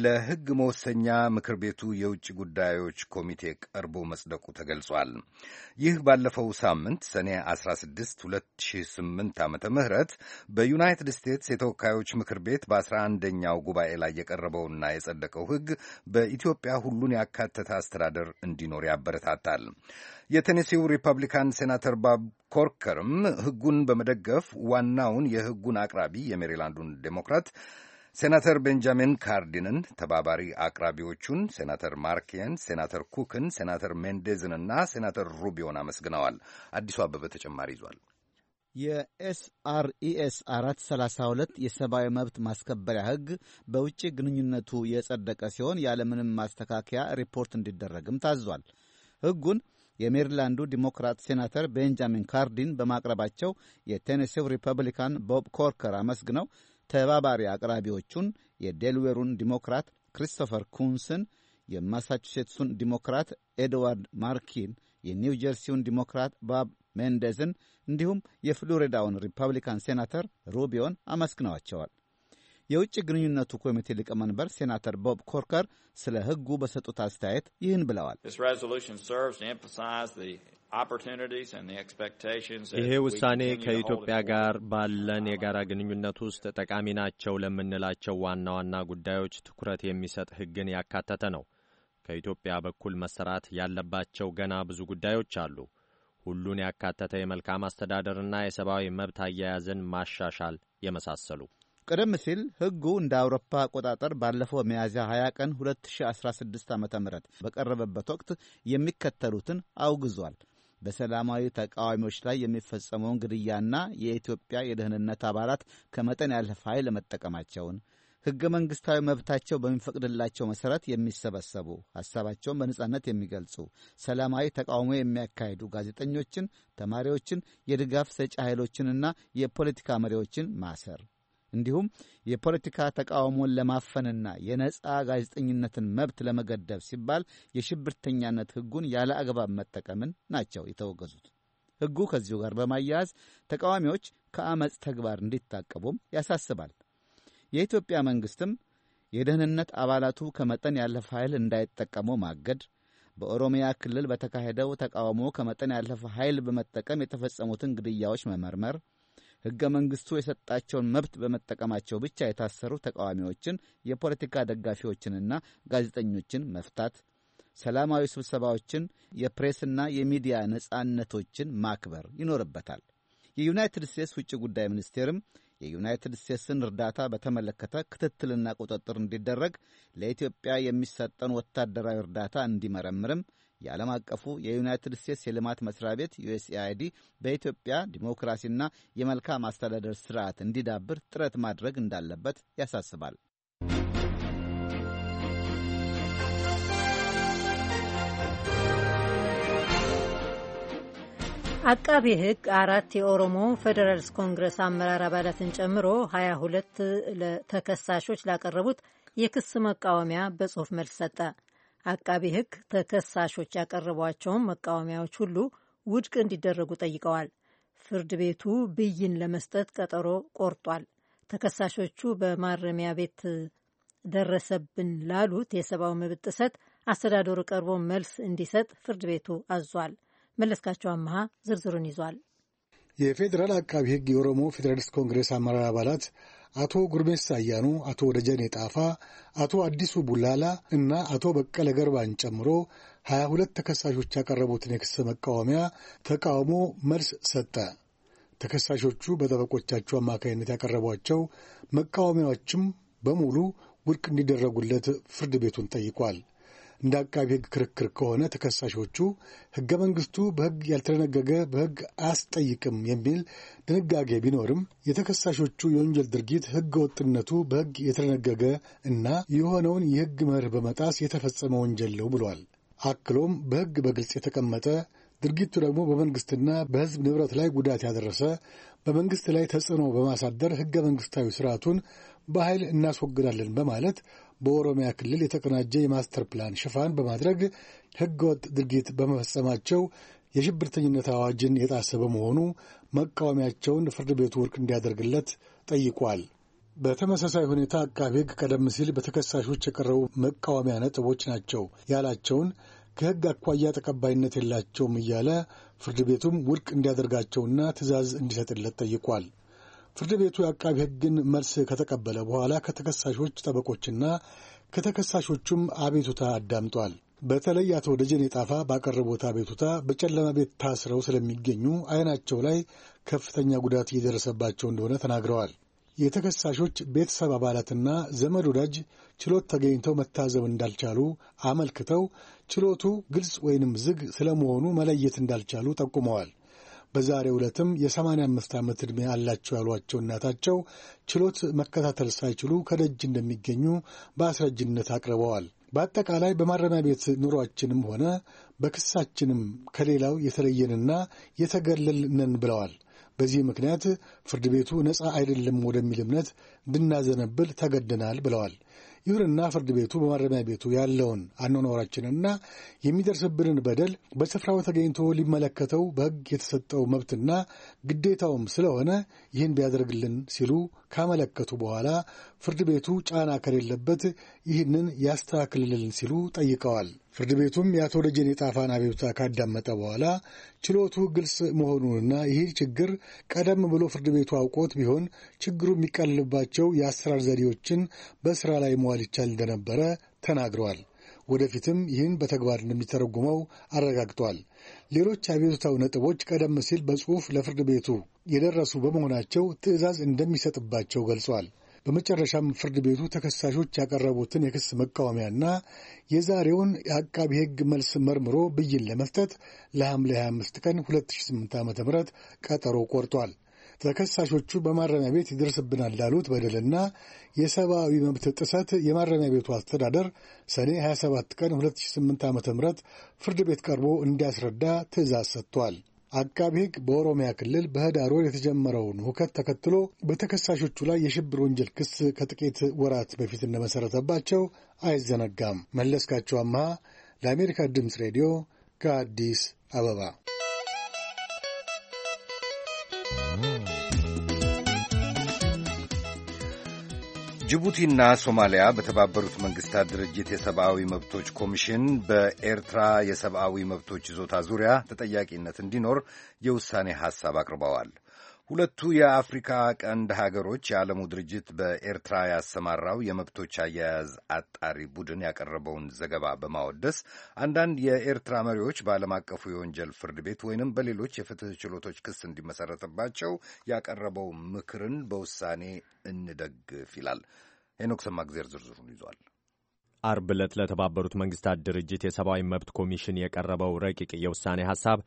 ለሕግ መወሰኛ ምክር ቤቱ የውጭ ጉዳዮች ኮሚቴ ቀርቦ መጽደቁ ተገልጿል። ይህ ባለፈው ሳምንት ሰኔ 16 2008 ዓመተ ምህረት በዩናይትድ ስቴትስ የተወካዮች ምክር ቤት በ11ኛው ጉባኤ ላይ የቀረበውና የጸደቀው ሕግ በኢትዮጵያ ሁሉን ያካተተ አስተዳደር እንዲኖር ያበረታታል። የቴኔሲው ሪፐብሊካን ሴናተር ባብ ኮርከርም ሕጉን በመደገፍ ዋናውን የሕጉን አቅራቢ የሜሪላንዱን ዴሞክራት ሴናተር ቤንጃሚን ካርዲንን፣ ተባባሪ አቅራቢዎቹን ሴናተር ማርኬን፣ ሴናተር ኩክን፣ ሴናተር ሜንዴዝንና ሴናተር ሩቢዮን አመስግነዋል። አዲሱ አበበ ተጨማሪ ይዟል። የኤስአርኢኤስ 432 የሰብአዊ መብት ማስከበሪያ ሕግ በውጭ ግንኙነቱ የጸደቀ ሲሆን ያለምንም ማስተካከያ ሪፖርት እንዲደረግም ታዟል። ሕጉን የሜሪላንዱ ዲሞክራት ሴናተር ቤንጃሚን ካርዲን በማቅረባቸው የቴኔሲው ሪፐብሊካን ቦብ ኮርከር አመስግነው ተባባሪ አቅራቢዎቹን የዴልዌሩን ዲሞክራት ክሪስቶፈር ኩንስን፣ የማሳቹሴትሱን ዲሞክራት ኤድዋርድ ማርኪን፣ የኒው ጀርሲውን ዲሞክራት ባብ ሜንደዝን እንዲሁም የፍሎሪዳውን ሪፐብሊካን ሴናተር ሩቢዮን አመስግነዋቸዋል። የውጭ ግንኙነቱ ኮሚቴ ሊቀመንበር ሴናተር ቦብ ኮርከር ስለ ሕጉ በሰጡት አስተያየት ይህን ብለዋል። ይሄ ውሳኔ ከኢትዮጵያ ጋር ባለን የጋራ ግንኙነት ውስጥ ጠቃሚ ናቸው ለምንላቸው ዋና ዋና ጉዳዮች ትኩረት የሚሰጥ ሕግን ያካተተ ነው። ከኢትዮጵያ በኩል መሰራት ያለባቸው ገና ብዙ ጉዳዮች አሉ። ሁሉን ያካተተ የመልካም አስተዳደርና የሰብአዊ መብት አያያዝን ማሻሻል የመሳሰሉ ቀደም ሲል ሕጉ እንደ አውሮፓ አቆጣጠር ባለፈው ሚያዝያ 20 ቀን 2016 ዓ ም በቀረበበት ወቅት የሚከተሉትን አውግዟል። በሰላማዊ ተቃዋሚዎች ላይ የሚፈጸመውን ግድያና የኢትዮጵያ የደህንነት አባላት ከመጠን ያለፈ ኃይል መጠቀማቸውን፣ ሕገ መንግሥታዊ መብታቸው በሚፈቅድላቸው መሠረት የሚሰበሰቡ ሐሳባቸውን በነጻነት የሚገልጹ ሰላማዊ ተቃውሞ የሚያካሂዱ ጋዜጠኞችን፣ ተማሪዎችን፣ የድጋፍ ሰጪ ኃይሎችንና የፖለቲካ መሪዎችን ማሰር እንዲሁም የፖለቲካ ተቃውሞን ለማፈንና የነጻ ጋዜጠኝነትን መብት ለመገደብ ሲባል የሽብርተኛነት ሕጉን ያለ አግባብ መጠቀምን ናቸው የተወገዙት። ሕጉ ከዚሁ ጋር በማያያዝ ተቃዋሚዎች ከአመፅ ተግባር እንዲታቀቡም ያሳስባል። የኢትዮጵያ መንግሥትም የደህንነት አባላቱ ከመጠን ያለፈ ኃይል እንዳይጠቀሙ ማገድ በኦሮሚያ ክልል በተካሄደው ተቃውሞ ከመጠን ያለፈ ኃይል በመጠቀም የተፈጸሙትን ግድያዎች መመርመር ሕገ መንግሥቱ የሰጣቸውን መብት በመጠቀማቸው ብቻ የታሰሩ ተቃዋሚዎችን፣ የፖለቲካ ደጋፊዎችንና ጋዜጠኞችን መፍታት፣ ሰላማዊ ስብሰባዎችን፣ የፕሬስና የሚዲያ ነጻነቶችን ማክበር ይኖርበታል። የዩናይትድ ስቴትስ ውጭ ጉዳይ ሚኒስቴርም የዩናይትድ ስቴትስን እርዳታ በተመለከተ ክትትልና ቁጥጥር እንዲደረግ ለኢትዮጵያ የሚሰጠን ወታደራዊ እርዳታ እንዲመረምርም የዓለም አቀፉ የዩናይትድ ስቴትስ የልማት መስሪያ ቤት ዩኤስኤአይዲ በኢትዮጵያ ዲሞክራሲና የመልካም አስተዳደር ስርዓት እንዲዳብር ጥረት ማድረግ እንዳለበት ያሳስባል። አቃቢ ሕግ አራት የኦሮሞ ፌዴራልስ ኮንግረስ አመራር አባላትን ጨምሮ 22 ተከሳሾች ላቀረቡት የክስ መቃወሚያ በጽሑፍ መልስ ሰጠ። አቃቤ ሕግ ተከሳሾች ያቀረቧቸውን መቃወሚያዎች ሁሉ ውድቅ እንዲደረጉ ጠይቀዋል። ፍርድ ቤቱ ብይን ለመስጠት ቀጠሮ ቆርጧል። ተከሳሾቹ በማረሚያ ቤት ደረሰብን ላሉት የሰብአዊ መብት ጥሰት አስተዳደሩ ቀርቦ መልስ እንዲሰጥ ፍርድ ቤቱ አዟል። መለስካቸው አመሃ ዝርዝሩን ይዟል። የፌዴራል አቃቢ ሕግ የኦሮሞ ፌዴራሊስት ኮንግሬስ አመራር አባላት አቶ ጉርሜሳ አያኑ፣ አቶ ደጀኔ ጣፋ፣ አቶ አዲሱ ቡላላ እና አቶ በቀለ ገርባን ጨምሮ ሀያ ሁለት ተከሳሾች ያቀረቡትን የክስ መቃወሚያ ተቃውሞ መልስ ሰጠ። ተከሳሾቹ በጠበቆቻቸው አማካኝነት ያቀረቧቸው መቃወሚያዎችም በሙሉ ውድቅ እንዲደረጉለት ፍርድ ቤቱን ጠይቋል። እንደ አቃቢ ህግ ክርክር ከሆነ ተከሳሾቹ ህገ መንግስቱ በህግ ያልተደነገገ በህግ አያስጠይቅም የሚል ድንጋጌ ቢኖርም የተከሳሾቹ የወንጀል ድርጊት ህገ ወጥነቱ በህግ የተደነገገ እና የሆነውን የህግ መርህ በመጣስ የተፈጸመ ወንጀል ነው ብሏል። አክሎም በህግ በግልጽ የተቀመጠ ድርጊቱ ደግሞ በመንግስትና በህዝብ ንብረት ላይ ጉዳት ያደረሰ በመንግስት ላይ ተጽዕኖ በማሳደር ህገ መንግስታዊ ስርዓቱን በኃይል እናስወግዳለን በማለት በኦሮሚያ ክልል የተቀናጀ የማስተር ፕላን ሽፋን በማድረግ ህገወጥ ድርጊት በመፈጸማቸው የሽብርተኝነት አዋጅን የጣሰ በመሆኑ መቃወሚያቸውን ፍርድ ቤቱ ውድቅ እንዲያደርግለት ጠይቋል። በተመሳሳይ ሁኔታ አቃቤ ህግ ቀደም ሲል በተከሳሾች የቀረቡ መቃወሚያ ነጥቦች ናቸው ያላቸውን ከህግ አኳያ ተቀባይነት የላቸውም እያለ ፍርድ ቤቱም ውድቅ እንዲያደርጋቸውና ትዕዛዝ እንዲሰጥለት ጠይቋል። ፍርድ ቤቱ የአቃቢ ሕግን መልስ ከተቀበለ በኋላ ከተከሳሾች ጠበቆችና ከተከሳሾቹም አቤቱታ አዳምጧል። በተለይ አቶ ደጀኔ ጣፋ ባቀረቡት አቤቱታ በጨለማ ቤት ታስረው ስለሚገኙ አይናቸው ላይ ከፍተኛ ጉዳት እየደረሰባቸው እንደሆነ ተናግረዋል። የተከሳሾች ቤተሰብ አባላትና ዘመድ ወዳጅ ችሎት ተገኝተው መታዘብ እንዳልቻሉ አመልክተው ችሎቱ ግልጽ ወይንም ዝግ ስለመሆኑ መለየት እንዳልቻሉ ጠቁመዋል። በዛሬ ዕለትም የ85 ዓመት ዕድሜ አላቸው ያሏቸው እናታቸው ችሎት መከታተል ሳይችሉ ከደጅ እንደሚገኙ በአስረጅነት አቅርበዋል። በአጠቃላይ በማረሚያ ቤት ኑሯችንም ሆነ በክሳችንም ከሌላው የተለየንና የተገለልነን ብለዋል። በዚህ ምክንያት ፍርድ ቤቱ ነፃ አይደለም ወደሚል እምነት እንድናዘነብል ተገደናል ብለዋል። ይሁንና ፍርድ ቤቱ በማረሚያ ቤቱ ያለውን አኗኗራችንና የሚደርስብንን በደል በስፍራው ተገኝቶ ሊመለከተው በሕግ የተሰጠው መብትና ግዴታውም ስለሆነ ይህን ቢያደርግልን ሲሉ ካመለከቱ በኋላ ፍርድ ቤቱ ጫና ከሌለበት ይህንን ያስተካክልልን ሲሉ ጠይቀዋል። ፍርድ ቤቱም የአቶ ደጀኔ ጣፋን አቤቱታ ካዳመጠ በኋላ ችሎቱ ግልጽ መሆኑንና ይህ ችግር ቀደም ብሎ ፍርድ ቤቱ አውቆት ቢሆን ችግሩ የሚቀልልባቸው የአሰራር ዘዴዎችን በስራ ላይ መዋል ይቻል እንደነበረ ተናግረዋል። ወደፊትም ይህን በተግባር እንደሚተረጉመው አረጋግጧል። ሌሎች አቤቱታው ነጥቦች ቀደም ሲል በጽሑፍ ለፍርድ ቤቱ የደረሱ በመሆናቸው ትዕዛዝ እንደሚሰጥባቸው ገልጿል። በመጨረሻም ፍርድ ቤቱ ተከሳሾች ያቀረቡትን የክስ መቃወሚያና የዛሬውን የአቃቢ ሕግ መልስ መርምሮ ብይን ለመስጠት ለሐምሌ 25 ቀን 2008 ዓ ም ቀጠሮ ቆርጧል። ተከሳሾቹ በማረሚያ ቤት ይደርስብናል ላሉት በደልና የሰብአዊ መብት ጥሰት የማረሚያ ቤቱ አስተዳደር ሰኔ 27 ቀን 2008 ዓ ም ፍርድ ቤት ቀርቦ እንዲያስረዳ ትእዛዝ ሰጥቷል። አቃቢ ሕግ በኦሮሚያ ክልል በህዳር ወር የተጀመረውን ሁከት ተከትሎ በተከሳሾቹ ላይ የሽብር ወንጀል ክስ ከጥቂት ወራት በፊት እንደመሠረተባቸው አይዘነጋም። መለስካቸው አመሃ ለአሜሪካ ድምፅ ሬዲዮ ከአዲስ አበባ ጅቡቲና ሶማሊያ በተባበሩት መንግስታት ድርጅት የሰብአዊ መብቶች ኮሚሽን በኤርትራ የሰብአዊ መብቶች ይዞታ ዙሪያ ተጠያቂነት እንዲኖር የውሳኔ ሐሳብ አቅርበዋል። ሁለቱ የአፍሪካ ቀንድ ሀገሮች የዓለሙ ድርጅት በኤርትራ ያሰማራው የመብቶች አያያዝ አጣሪ ቡድን ያቀረበውን ዘገባ በማወደስ አንዳንድ የኤርትራ መሪዎች በዓለም አቀፉ የወንጀል ፍርድ ቤት ወይንም በሌሎች የፍትህ ችሎቶች ክስ እንዲመሰረትባቸው ያቀረበው ምክርን በውሳኔ እንደግፍ ይላል። ሄኖክ ሰማግዜር ዝርዝሩን ይዟል። አርብ ዕለት ለተባበሩት መንግስታት ድርጅት የሰብአዊ መብት ኮሚሽን የቀረበው ረቂቅ የውሳኔ ሀሳብ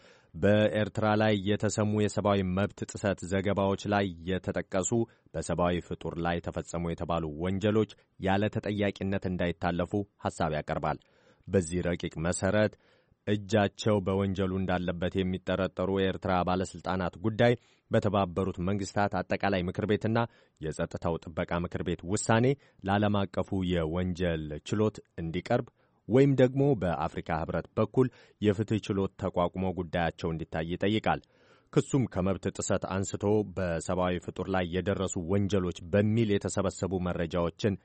በኤርትራ ላይ የተሰሙ የሰብአዊ መብት ጥሰት ዘገባዎች ላይ የተጠቀሱ በሰብአዊ ፍጡር ላይ ተፈጸሙ የተባሉ ወንጀሎች ያለ ተጠያቂነት እንዳይታለፉ ሀሳብ ያቀርባል። በዚህ ረቂቅ መሠረት እጃቸው በወንጀሉ እንዳለበት የሚጠረጠሩ የኤርትራ ባለሥልጣናት ጉዳይ በተባበሩት መንግሥታት አጠቃላይ ምክር ቤትና የጸጥታው ጥበቃ ምክር ቤት ውሳኔ ለዓለም አቀፉ የወንጀል ችሎት እንዲቀርብ ወይም ደግሞ በአፍሪካ ሕብረት በኩል የፍትህ ችሎት ተቋቁሞ ጉዳያቸው እንዲታይ ይጠይቃል። ክሱም ከመብት ጥሰት አንስቶ በሰብአዊ ፍጡር ላይ የደረሱ ወንጀሎች በሚል የተሰበሰቡ መረጃዎችን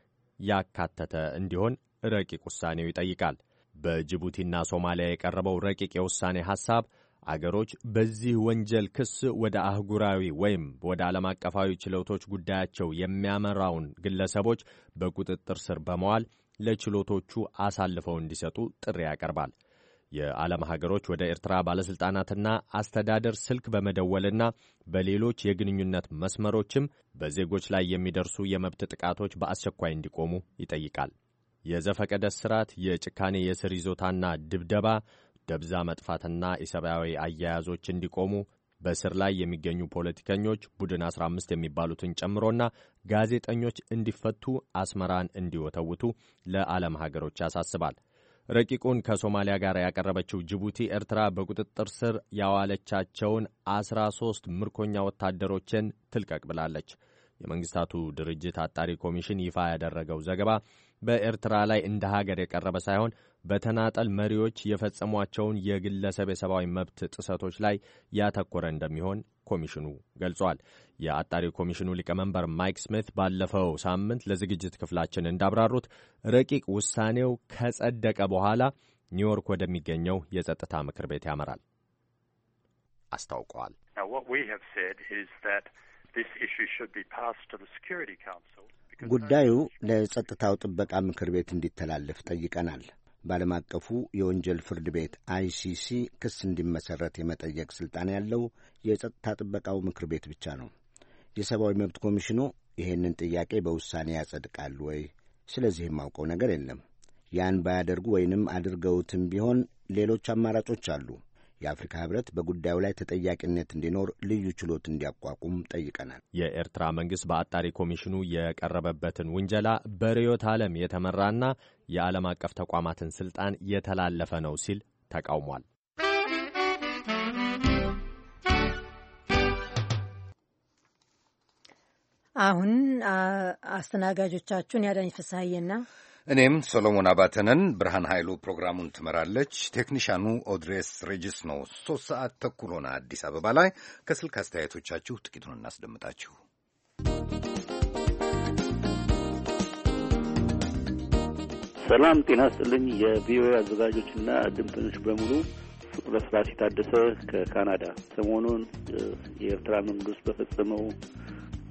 ያካተተ እንዲሆን ረቂቅ ውሳኔው ይጠይቃል። በጅቡቲና ሶማሊያ የቀረበው ረቂቅ የውሳኔ ሐሳብ አገሮች በዚህ ወንጀል ክስ ወደ አህጉራዊ ወይም ወደ ዓለም አቀፋዊ ችሎቶች ጉዳያቸው የሚያመራውን ግለሰቦች በቁጥጥር ስር በመዋል ለችሎቶቹ አሳልፈው እንዲሰጡ ጥሪ ያቀርባል። የዓለም ሀገሮች ወደ ኤርትራ ባለሥልጣናትና አስተዳደር ስልክ በመደወልና በሌሎች የግንኙነት መስመሮችም በዜጎች ላይ የሚደርሱ የመብት ጥቃቶች በአስቸኳይ እንዲቆሙ ይጠይቃል። የዘፈቀደ ስርዓት፣ የጭካኔ የስር ይዞታና ድብደባ፣ ደብዛ መጥፋትና የሰብአዊ አያያዞች እንዲቆሙ በስር ላይ የሚገኙ ፖለቲከኞች ቡድን 15 የሚባሉትን ጨምሮና ጋዜጠኞች እንዲፈቱ አስመራን እንዲወተውቱ ለዓለም ሀገሮች ያሳስባል። ረቂቁን ከሶማሊያ ጋር ያቀረበችው ጅቡቲ ኤርትራ በቁጥጥር ስር ያዋለቻቸውን 13 ምርኮኛ ወታደሮችን ትልቀቅ ብላለች። የመንግስታቱ ድርጅት አጣሪ ኮሚሽን ይፋ ያደረገው ዘገባ በኤርትራ ላይ እንደ ሀገር የቀረበ ሳይሆን በተናጠል መሪዎች የፈጸሟቸውን የግለሰብ የሰብአዊ መብት ጥሰቶች ላይ ያተኮረ እንደሚሆን ኮሚሽኑ ገልጿል። የአጣሪ ኮሚሽኑ ሊቀመንበር ማይክ ስሚት ባለፈው ሳምንት ለዝግጅት ክፍላችን እንዳብራሩት ረቂቅ ውሳኔው ከጸደቀ በኋላ ኒውዮርክ ወደሚገኘው የጸጥታ ምክር ቤት ያመራል አስታውቀዋል። ጉዳዩ ለጸጥታው ጥበቃ ምክር ቤት እንዲተላለፍ ጠይቀናል። በዓለም አቀፉ የወንጀል ፍርድ ቤት አይሲሲ ክስ እንዲመሠረት የመጠየቅ ሥልጣን ያለው የጸጥታ ጥበቃው ምክር ቤት ብቻ ነው። የሰብአዊ መብት ኮሚሽኑ ይህንን ጥያቄ በውሳኔ ያጸድቃል ወይ? ስለዚህ የማውቀው ነገር የለም። ያን ባያደርጉ ወይንም አድርገውትም ቢሆን ሌሎች አማራጮች አሉ። የአፍሪካ ህብረት በጉዳዩ ላይ ተጠያቂነት እንዲኖር ልዩ ችሎት እንዲያቋቁም ጠይቀናል። የኤርትራ መንግስት በአጣሪ ኮሚሽኑ የቀረበበትን ውንጀላ በርዕዮተ ዓለም የተመራና የዓለም አቀፍ ተቋማትን ስልጣን የተላለፈ ነው ሲል ተቃውሟል። አሁን አስተናጋጆቻችሁን ያዳኝ ፍስሐዬና እኔም ሰሎሞን አባተነን። ብርሃን ኃይሉ ፕሮግራሙን ትመራለች። ቴክኒሻኑ ኦድሬስ ሬጅስ ነው። ሶስት ሰዓት ተኩል ሆነ አዲስ አበባ ላይ። ከስልክ አስተያየቶቻችሁ ጥቂቱን እናስደምጣችሁ። ሰላም ጤና ስጥልኝ። የቪኦኤ አዘጋጆችና ድምጠኞች በሙሉ ፍቅረ ስላሴ ታደሰ ከካናዳ። ሰሞኑን የኤርትራ መንግስት በፈጸመው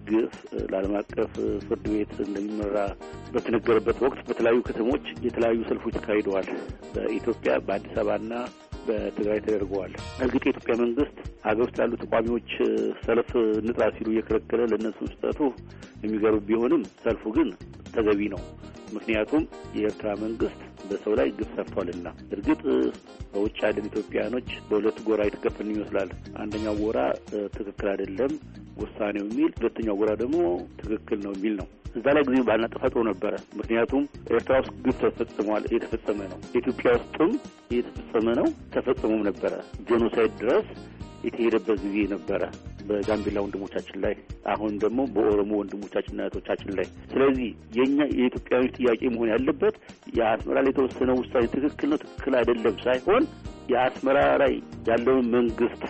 ግፍ ለዓለም አቀፍ ፍርድ ቤት እንደሚመራ በተነገረበት ወቅት በተለያዩ ከተሞች የተለያዩ ሰልፎች ተካሂደዋል። በኢትዮጵያ በአዲስ አበባና በትግራይ ተደርገዋል። እርግጥ የኢትዮጵያ መንግስት ሀገር ውስጥ ያሉ ተቋሚዎች ሰልፍ ንጥራ ሲሉ እየከለከለ ለእነሱ ስጠቱ የሚገርም ቢሆንም ሰልፉ ግን ተገቢ ነው። ምክንያቱም የኤርትራ መንግስት በሰው ላይ ግፍ ሰርቷልና። እርግጥ በውጭ ያለን ኢትዮጵያኖች በሁለት ጎራ የተከፈልን ይመስላል። አንደኛው ጎራ ትክክል አይደለም ውሳኔው የሚል፣ ሁለተኛው ጎራ ደግሞ ትክክል ነው የሚል ነው። እዛ ላይ ጊዜ ባልና ጥሩ ነበረ። ምክንያቱም ኤርትራ ውስጥ ግፍ ተፈጽሟል፣ እየተፈጸመ ነው። ኢትዮጵያ ውስጥም እየተፈጸመ ነው፣ ተፈጽሞም ነበረ። ጄኖሳይድ ድረስ የተሄደበት ጊዜ ነበረ። በጋምቤላ ወንድሞቻችን ላይ አሁን ደግሞ በኦሮሞ ወንድሞቻችንና እህቶቻችን ላይ። ስለዚህ የእኛ የኢትዮጵያዊ ጥያቄ መሆን ያለበት የአስመራ ላይ የተወሰነ ውሳኔ ትክክል ነው ትክክል አይደለም ሳይሆን የአስመራ ላይ ያለውን መንግስት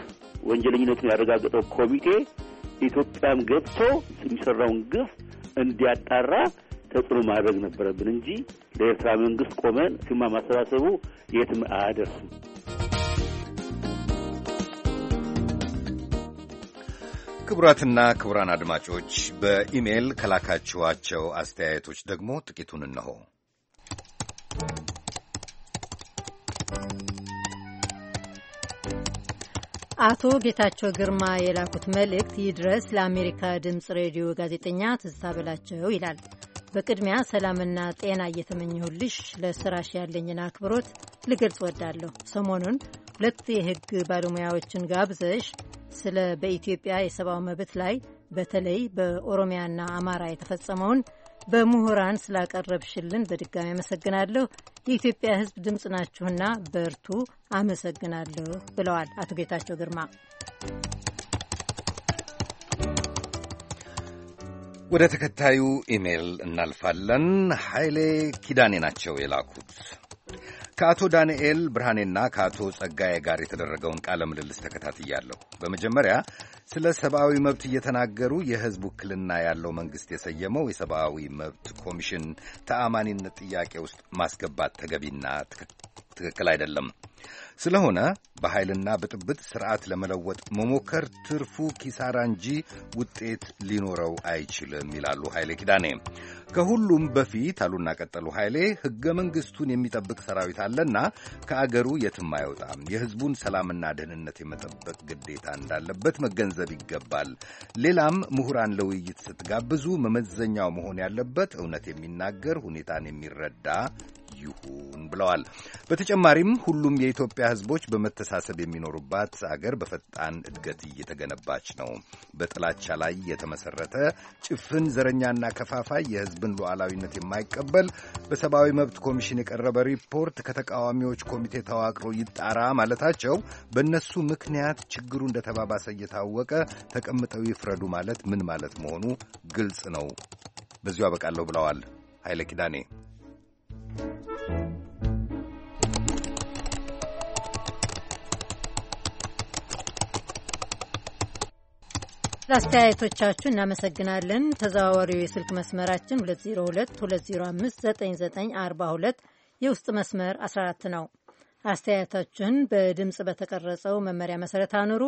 ወንጀለኝነቱን ያረጋገጠው ኮሚቴ ኢትዮጵያም ገብቶ የሚሰራውን ግፍ እንዲያጣራ ተጽዕኖ ማድረግ ነበረብን እንጂ ለኤርትራ መንግስት ቆመን ፊርማ ማሰባሰቡ የትም አያደርስም። ክቡራትና ክቡራን አድማጮች በኢሜል ከላካችኋቸው አስተያየቶች ደግሞ ጥቂቱን እነሆ። አቶ ጌታቸው ግርማ የላኩት መልእክት ይድረስ ለአሜሪካ ድምፅ ሬዲዮ ጋዜጠኛ ትዝታ በላቸው ይላል። በቅድሚያ ሰላምና ጤና እየተመኘሁልሽ ለስራሽ ያለኝን አክብሮት ልገልጽ ወዳለሁ። ሰሞኑን ሁለት የህግ ባለሙያዎችን ጋብዘሽ ስለ በኢትዮጵያ የሰብአዊ መብት ላይ በተለይ በኦሮሚያና አማራ የተፈጸመውን በምሁራን ስላቀረብሽልን በድጋሚ አመሰግናለሁ። የኢትዮጵያ ሕዝብ ድምፅ ናችሁና በርቱ። አመሰግናለሁ ብለዋል አቶ ጌታቸው ግርማ። ወደ ተከታዩ ኢሜይል እናልፋለን። ኃይሌ ኪዳኔ ናቸው የላኩት። ከአቶ ዳንኤል ብርሃኔና ከአቶ ጸጋዬ ጋር የተደረገውን ቃለ ምልልስ ተከታትያለሁ። በመጀመሪያ ስለ ሰብአዊ መብት እየተናገሩ የሕዝብ ውክልና ያለው መንግሥት የሰየመው የሰብአዊ መብት ኮሚሽን ተአማኒነት ጥያቄ ውስጥ ማስገባት ተገቢና ትክክል አይደለም ስለሆነ በኃይልና ብጥብጥ ስርዓት ለመለወጥ መሞከር ትርፉ ኪሳራ እንጂ ውጤት ሊኖረው አይችልም ይላሉ ኃይሌ ኪዳኔ። ከሁሉም በፊት አሉና ቀጠሉ ኃይሌ ሕገ መንግሥቱን የሚጠብቅ ሰራዊት አለና ከአገሩ የትም አይወጣም። የሕዝቡን ሰላምና ደህንነት የመጠበቅ ግዴታ እንዳለበት መገንዘብ ይገባል። ሌላም ምሁራን ለውይይት ስትጋብዙ መመዘኛው መሆን ያለበት እውነት የሚናገር ሁኔታን የሚረዳ ይሁን ብለዋል። በተጨማሪም ሁሉም የኢትዮጵያ ሕዝቦች በመተሳሰብ የሚኖሩባት አገር በፈጣን እድገት እየተገነባች ነው። በጥላቻ ላይ የተመሰረተ ጭፍን ዘረኛና ከፋፋይ የሕዝብን ሉዓላዊነት የማይቀበል በሰብአዊ መብት ኮሚሽን የቀረበ ሪፖርት ከተቃዋሚዎች ኮሚቴ ተዋቅሮ ይጣራ ማለታቸው በእነሱ ምክንያት ችግሩ እንደተባባሰ እየታወቀ ተቀምጠው ይፍረዱ ማለት ምን ማለት መሆኑ ግልጽ ነው። በዚሁ አበቃለሁ ብለዋል ኃይለ ኪዳኔ። ለአስተያየቶቻችሁ እናመሰግናለን። ተዘዋዋሪው የስልክ መስመራችን 2022059942 የውስጥ መስመር 14 ነው። አስተያየታችሁን በድምፅ በተቀረጸው መመሪያ መሰረት አኑሩ።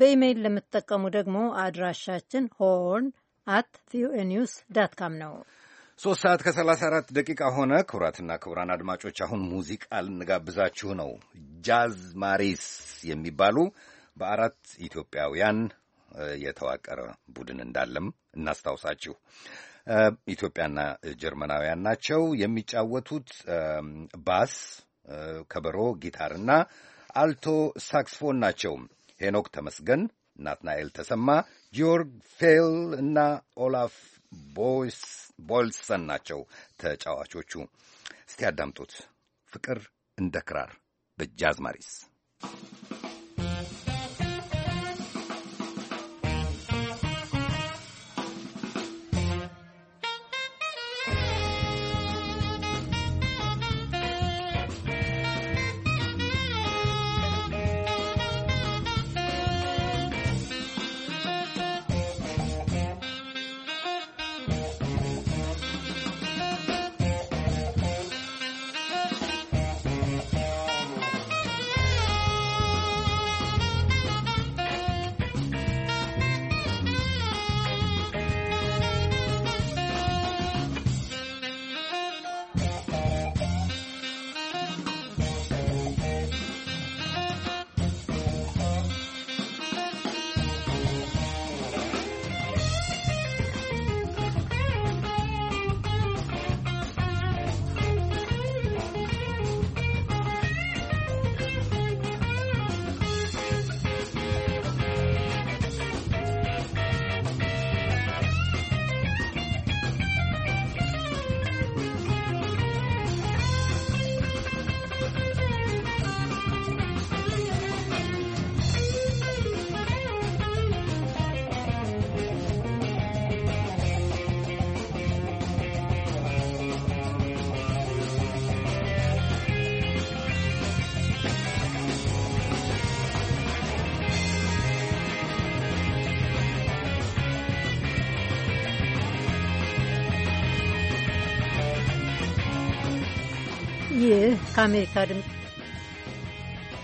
በኢሜይል ለምትጠቀሙ ደግሞ አድራሻችን ሆርን አት ቪኦኤ ኒውስ ዳት ካም ነው። ሶስት ሰዓት ከሰላሳ አራት ደቂቃ ሆነ። ክቡራትና ክቡራን አድማጮች አሁን ሙዚቃ ልንጋብዛችሁ ነው። ጃዝ ማሪስ የሚባሉ በአራት ኢትዮጵያውያን የተዋቀረ ቡድን እንዳለም እናስታውሳችሁ። ኢትዮጵያና ጀርመናውያን ናቸው። የሚጫወቱት ባስ፣ ከበሮ፣ ጊታርና አልቶ ሳክስፎን ናቸው። ሄኖክ ተመስገን፣ ናትናኤል ተሰማ፣ ጊዮርግ ፌል እና ኦላፍ ቦልሰን ናቸው ተጫዋቾቹ። እስቲ ያዳምጡት። ፍቅር እንደ ክራር በጃዝ ማሪስ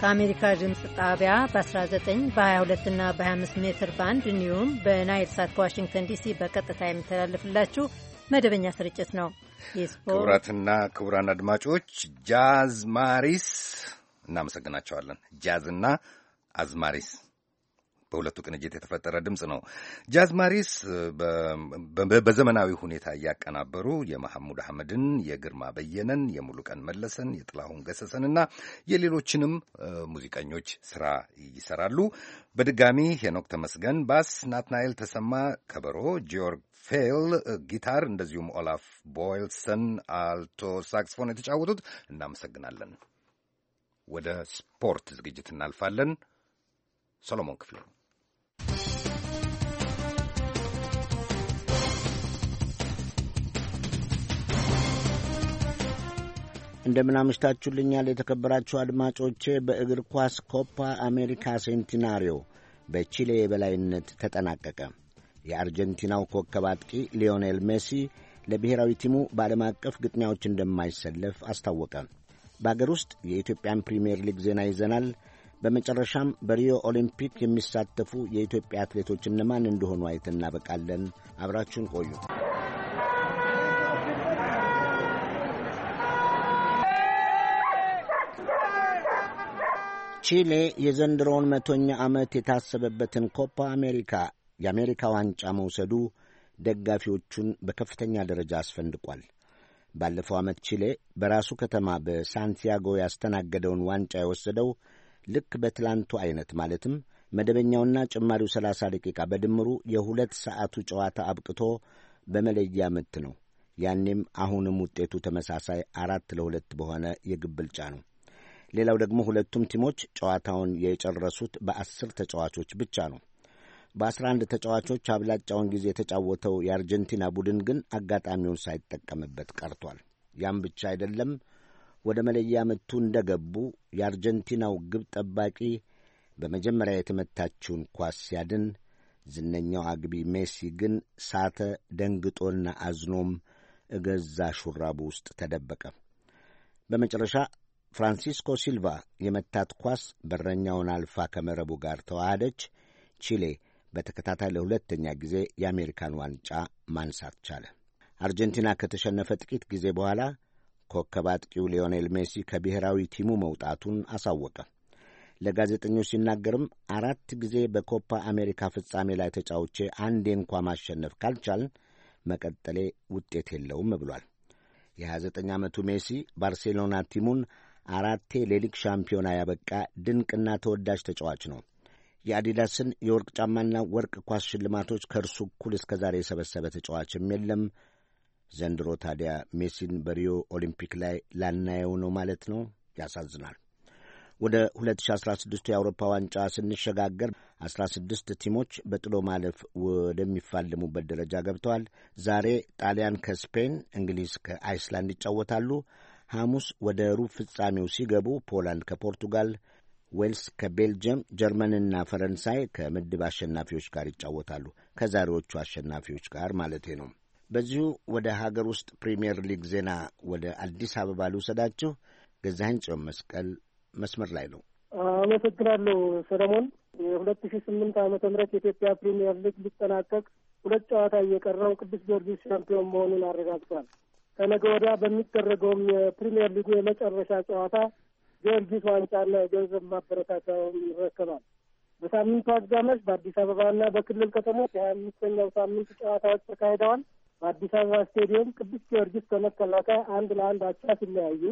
ከአሜሪካ ድምፅ ጣቢያ በ19 በ22 እና በ25 ሜትር ባንድ እንዲሁም በናይል ሳት ከዋሽንግተን ዲሲ በቀጥታ የሚተላለፍላችሁ መደበኛ ስርጭት ነው። ክቡራትና ክቡራን አድማጮች ጃዝ ማሪስ እናመሰግናቸዋለን። ጃዝና አዝማሪስ በሁለቱ ቅንጅት የተፈጠረ ድምፅ ነው። ጃዝ ማሪስ በዘመናዊ ሁኔታ እያቀናበሩ የመሐሙድ አህመድን፣ የግርማ በየነን፣ የሙሉቀን መለሰን፣ የጥላሁን ገሰሰንና የሌሎችንም ሙዚቀኞች ስራ ይሰራሉ። በድጋሚ ሄኖክ ተመስገን ባስ፣ ናትናኤል ተሰማ ከበሮ፣ ጂዮርግ ፌል ጊታር፣ እንደዚሁም ኦላፍ ቦይልሰን አልቶ ሳክስፎን የተጫወቱት እናመሰግናለን። ወደ ስፖርት ዝግጅት እናልፋለን። ሰሎሞን ክፍሌ እንደምን አምሽታችሁልኛል የተከበራችሁ አድማጮቼ። በእግር ኳስ ኮፓ አሜሪካ ሴንቲናሪዮ በቺሌ የበላይነት ተጠናቀቀ። የአርጀንቲናው ኮከብ አጥቂ ሊዮኔል ሜሲ ለብሔራዊ ቲሙ በዓለም አቀፍ ግጥሚያዎች እንደማይሰለፍ አስታወቀ። በአገር ውስጥ የኢትዮጵያን ፕሪምየር ሊግ ዜና ይዘናል። በመጨረሻም በሪዮ ኦሊምፒክ የሚሳተፉ የኢትዮጵያ አትሌቶች እነማን እንደሆኑ አይተን እናበቃለን። አብራችሁን ቆዩ። ቺሌ የዘንድሮውን መቶኛ ዓመት የታሰበበትን ኮፓ አሜሪካ የአሜሪካ ዋንጫ መውሰዱ ደጋፊዎቹን በከፍተኛ ደረጃ አስፈንድቋል። ባለፈው ዓመት ቺሌ በራሱ ከተማ በሳንቲያጎ ያስተናገደውን ዋንጫ የወሰደው ልክ በትላንቱ አይነት ማለትም መደበኛውና ጭማሪው 30 ደቂቃ በድምሩ የሁለት ሰዓቱ ጨዋታ አብቅቶ በመለያ ምት ነው። ያኔም አሁንም ውጤቱ ተመሳሳይ አራት ለሁለት በሆነ የግብ ብልጫ ነው። ሌላው ደግሞ ሁለቱም ቲሞች ጨዋታውን የጨረሱት በአስር ተጫዋቾች ብቻ ነው። በአስራ አንድ ተጫዋቾች አብላጫውን ጊዜ የተጫወተው የአርጀንቲና ቡድን ግን አጋጣሚውን ሳይጠቀምበት ቀርቷል። ያም ብቻ አይደለም። ወደ መለያ ምቱ እንደ ገቡ የአርጀንቲናው ግብ ጠባቂ በመጀመሪያ የተመታችውን ኳስ ሲያድን፣ ዝነኛው አግቢ ሜሲ ግን ሳተ። ደንግጦና አዝኖም እገዛ ሹራቡ ውስጥ ተደበቀ። በመጨረሻ ፍራንሲስኮ ሲልቫ የመታት ኳስ በረኛውን አልፋ ከመረቡ ጋር ተዋሃደች። ቺሌ በተከታታይ ለሁለተኛ ጊዜ የአሜሪካን ዋንጫ ማንሳት ቻለ። አርጀንቲና ከተሸነፈ ጥቂት ጊዜ በኋላ ኮከብ አጥቂው ሊዮኔል ሜሲ ከብሔራዊ ቲሙ መውጣቱን አሳወቀ። ለጋዜጠኞች ሲናገርም አራት ጊዜ በኮፓ አሜሪካ ፍጻሜ ላይ ተጫውቼ አንዴ እንኳ ማሸነፍ ካልቻልን መቀጠሌ ውጤት የለውም ብሏል። የ29 ዓመቱ ሜሲ ባርሴሎና ቲሙን አራቴ ለሊግ ሻምፒዮና ያበቃ ድንቅና ተወዳጅ ተጫዋች ነው። የአዲዳስን የወርቅ ጫማና ወርቅ ኳስ ሽልማቶች ከእርሱ እኩል እስከ ዛሬ የሰበሰበ ተጫዋችም የለም። ዘንድሮ ታዲያ ሜሲን በሪዮ ኦሊምፒክ ላይ ላናየው ነው ማለት ነው። ያሳዝናል። ወደ 2016 የአውሮፓ ዋንጫ ስንሸጋገር 16 ቲሞች በጥሎ ማለፍ ወደሚፋለሙበት ደረጃ ገብተዋል። ዛሬ ጣሊያን ከስፔን፣ እንግሊዝ ከአይስላንድ ይጫወታሉ። ሐሙስ ወደ ሩብ ፍጻሜው ሲገቡ ፖላንድ ከፖርቱጋል፣ ዌልስ ከቤልጅየም፣ ጀርመንና ፈረንሳይ ከምድብ አሸናፊዎች ጋር ይጫወታሉ። ከዛሬዎቹ አሸናፊዎች ጋር ማለቴ ነው። በዚሁ ወደ ሀገር ውስጥ ፕሪምየር ሊግ ዜና ወደ አዲስ አበባ ልውሰዳችሁ። ገዛኸኝ ጽዮን መስቀል መስመር ላይ ነው። አመሰግናለሁ ሰለሞን። የሁለት ሺ ስምንት ዓመተ ምህረት የኢትዮጵያ ፕሪምየር ሊግ ሊጠናቀቅ ሁለት ጨዋታ እየቀረው ቅዱስ ጊዮርጊስ ሻምፒዮን መሆኑን አረጋግጧል። ከነገ ወዲያ በሚደረገውም የፕሪሚየር ሊጉ የመጨረሻ ጨዋታ ጊዮርጊስ ዋንጫና የገንዘብ ማበረታቻውን ይረከባል። በሳምንቱ አጋማሽ በአዲስ አበባና በክልል ከተሞች የሀያ አምስተኛው ሳምንት ጨዋታዎች ተካሂደዋል። በአዲስ አበባ ስቴዲየም ቅዱስ ጊዮርጊስ ከመከላከያ አንድ ለአንድ አቻ ሲለያዩ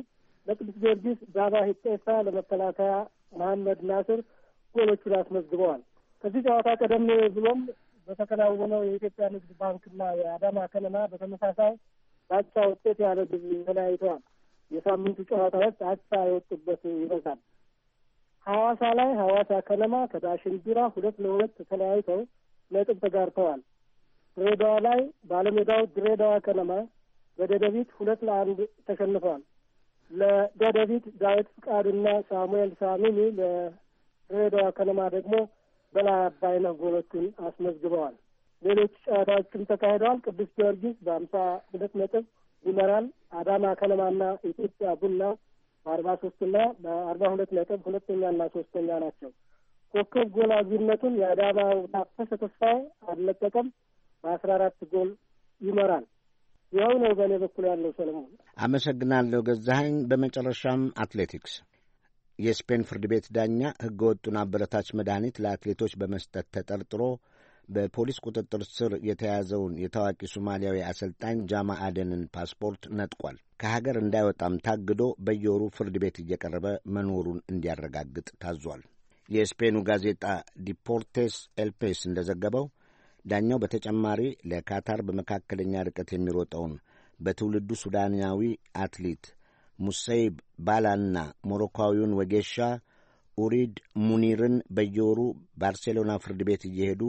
ለቅዱስ ጊዮርጊስ ዳባ ሂጤሳ፣ ለመከላከያ መሐመድ ናስር ጎሎቹን አስመዝግበዋል። ከዚህ ጨዋታ ቀደም ብሎም በተከናወነው የኢትዮጵያ ንግድ ባንክና የአዳማ ከነማ በተመሳሳይ በአቻ ውጤት ያለ ግብ ተለያይተዋል። የሳምንቱ ጨዋታዎች አቻ የወጡበት ይበዛል። ሐዋሳ ላይ ሐዋሳ ከነማ ከዳሽን ቢራ ሁለት ለሁለት ተለያይተው ነጥብ ተጋርተዋል። ድሬዳዋ ላይ ባለሜዳው ድሬዳዋ ከነማ በደደቢት ሁለት ለአንድ ተሸንፏል። ለደደቢት ዳዊት ፍቃዱና ሳሙኤል ሳሚኒ፣ ለድሬዳዋ ከነማ ደግሞ በላይ አባይነህ ጎሎቹን አስመዝግበዋል። ሌሎች ጨዋታዎችም ተካሂደዋል። ቅዱስ ጊዮርጊስ በአምሳ ሁለት ነጥብ ይመራል። አዳማ ከነማና ኢትዮጵያ ቡና በአርባ ሶስትና በአርባ ሁለት ነጥብ ሁለተኛና ሶስተኛ ናቸው። ኮከብ ጎል አግቢነቱን የአዳማው ታፈሰ ተስፋዬ አልለቀቀም። በአስራ አራት ጎል ይመራል። ይኸው ነው በእኔ በኩል ያለው። ሰለሞን አመሰግናለሁ ገዛኸኝ። በመጨረሻም አትሌቲክስ የስፔን ፍርድ ቤት ዳኛ ሕገ ወጡን አበረታች መድኃኒት ለአትሌቶች በመስጠት ተጠርጥሮ በፖሊስ ቁጥጥር ስር የተያዘውን የታዋቂ ሶማሊያዊ አሰልጣኝ ጃማ አደንን ፓስፖርት ነጥቋል። ከሀገር እንዳይወጣም ታግዶ በየወሩ ፍርድ ቤት እየቀረበ መኖሩን እንዲያረጋግጥ ታዟል። የስፔኑ ጋዜጣ ዲፖርቴስ ኤልፔስ እንደዘገበው ዳኛው በተጨማሪ ለካታር በመካከለኛ ርቀት የሚሮጠውን በትውልዱ ሱዳናዊ አትሌት ሙሰይብ ባላና ሞሮኳዊውን ወጌሻ ኡሪድ ሙኒርን በየወሩ ባርሴሎና ፍርድ ቤት እየሄዱ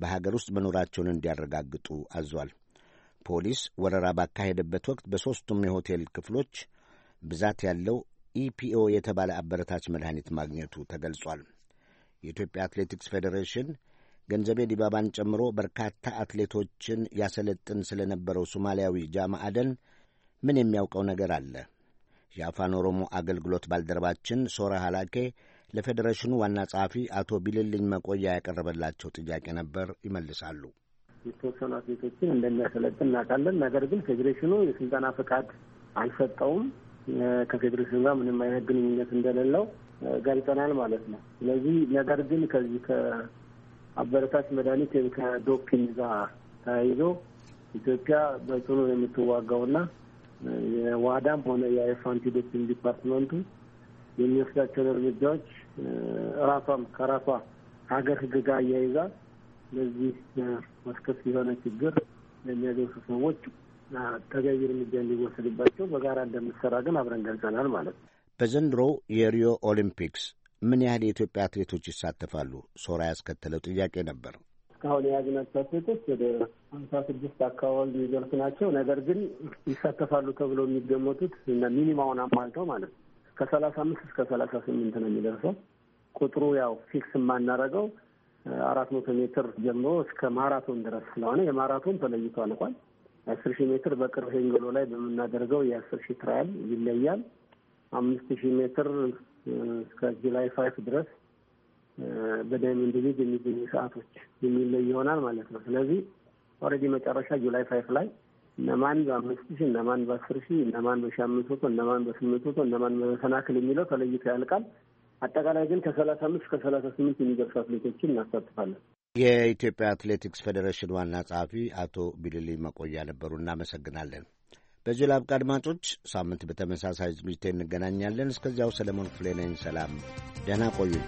በሀገር ውስጥ መኖራቸውን እንዲያረጋግጡ አዟል። ፖሊስ ወረራ ባካሄደበት ወቅት በሦስቱም የሆቴል ክፍሎች ብዛት ያለው ኢፒኦ የተባለ አበረታች መድኃኒት ማግኘቱ ተገልጿል። የኢትዮጵያ አትሌቲክስ ፌዴሬሽን ገንዘቤ ዲባባን ጨምሮ በርካታ አትሌቶችን ያሰለጥን ስለነበረው ሶማሊያዊ ጃማ አደን ምን የሚያውቀው ነገር አለ? የአፋን ኦሮሞ አገልግሎት ባልደረባችን ሶራ ሃላኬ ለፌዴሬሽኑ ዋና ጸሐፊ አቶ ቢልልኝ መቆያ ያቀረበላቸው ጥያቄ ነበር። ይመልሳሉ። የተወሰኑ አትሌቶችን እንደሚያሰለጥን እናውቃለን። ነገር ግን ፌዴሬሽኑ የስልጠና ፍቃድ አልሰጠውም። ከፌዴሬሽኑ ጋር ምንም አይነት ግንኙነት እንደሌለው ገልጸናል ማለት ነው። ስለዚህ ነገር ግን ከዚህ ከአበረታች መድኃኒት ወይም ከዶፒንግ ጋር ተያይዞ ኢትዮጵያ በጽኑ የምትዋጋውና የዋዳም ሆነ የአይፋንቲ ዶፒንግ ዲፓርትመንቱ የሚወስዳቸውን እርምጃዎች ራሷም ከራሷ ሀገር ህግ ጋር እያይዛ ለዚህ መስከፍ የሆነ ችግር ለሚያገሱ ሰዎች ተገቢ እርምጃ እንዲወሰድባቸው በጋራ እንደምትሰራ ግን አብረን ገልጸናል ማለት ነው። በዘንድሮው የሪዮ ኦሊምፒክስ ምን ያህል የኢትዮጵያ አትሌቶች ይሳተፋሉ? ሶራ ያስከተለው ጥያቄ ነበር። እስካሁን የያዝናቸው አትሌቶች ወደ ሀምሳ ስድስት አካባቢ የሚደርሱ ናቸው። ነገር ግን ይሳተፋሉ ተብሎ የሚገመቱት ሚኒማውን አሟልተው ማለት ነው ከሰላሳ አምስት እስከ ሰላሳ ስምንት ነው የሚደርሰው። ቁጥሩ ያው ፊክስ የማናረገው አራት መቶ ሜትር ጀምሮ እስከ ማራቶን ድረስ ስለሆነ የማራቶን ተለይቶ አልቋል። አስር ሺህ ሜትር በቅርብ ሄንገሎ ላይ በምናደርገው የአስር ሺህ ትራያል ይለያል። አምስት ሺህ ሜትር እስከ ጁላይ ፋይፍ ድረስ በዳይመንድ ሊግ የሚገኙ ሰዓቶች የሚለይ ይሆናል ማለት ነው። ስለዚህ ኦልሬዲ መጨረሻ ጁላይ ፋይፍ ላይ እነማን በአምስት ሺ እነማን በአስር ሺ እነማን በሺ አምስት መቶ እነማን በስምንት መቶ እነማን በመሰናክል የሚለው ተለይቶ ያልቃል። አጠቃላይ ግን ከሰላሳ አምስት ከሰላሳ ስምንት የሚደርሱ አትሌቶችን እናሳትፋለን። የኢትዮጵያ አትሌቲክስ ፌዴሬሽን ዋና ጸሐፊ አቶ ቢልሊ መቆያ ነበሩ። እናመሰግናለን። በዚሁ ላብቃ። አድማጮች፣ ሳምንት በተመሳሳይ ዝግጅት እንገናኛለን። እስከዚያው ሰለሞን ክፍሌ ነኝ። ሰላም፣ ደህና ቆዩኝ።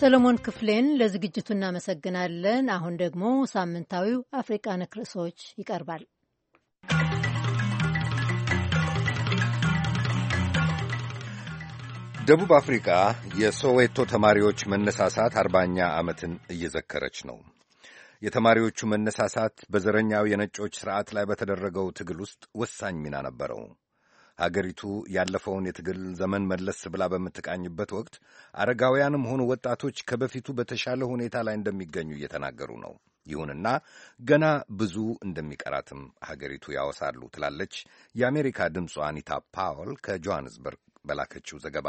ሰለሞን ክፍሌን ለዝግጅቱ እናመሰግናለን። አሁን ደግሞ ሳምንታዊው አፍሪቃ ነክ ርዕሶች ይቀርባል። ደቡብ አፍሪቃ የሶዌቶ ተማሪዎች መነሳሳት አርባኛ ዓመትን እየዘከረች ነው። የተማሪዎቹ መነሳሳት በዘረኛው የነጮች ሥርዓት ላይ በተደረገው ትግል ውስጥ ወሳኝ ሚና ነበረው። ሀገሪቱ ያለፈውን የትግል ዘመን መለስ ብላ በምትቃኝበት ወቅት አረጋውያንም ሆኑ ወጣቶች ከበፊቱ በተሻለ ሁኔታ ላይ እንደሚገኙ እየተናገሩ ነው። ይሁንና ገና ብዙ እንደሚቀራትም ሀገሪቱ ያወሳሉ ትላለች የአሜሪካ ድምጿ አኒታ ፓውል ከጆሃንስበርግ በላከችው ዘገባ።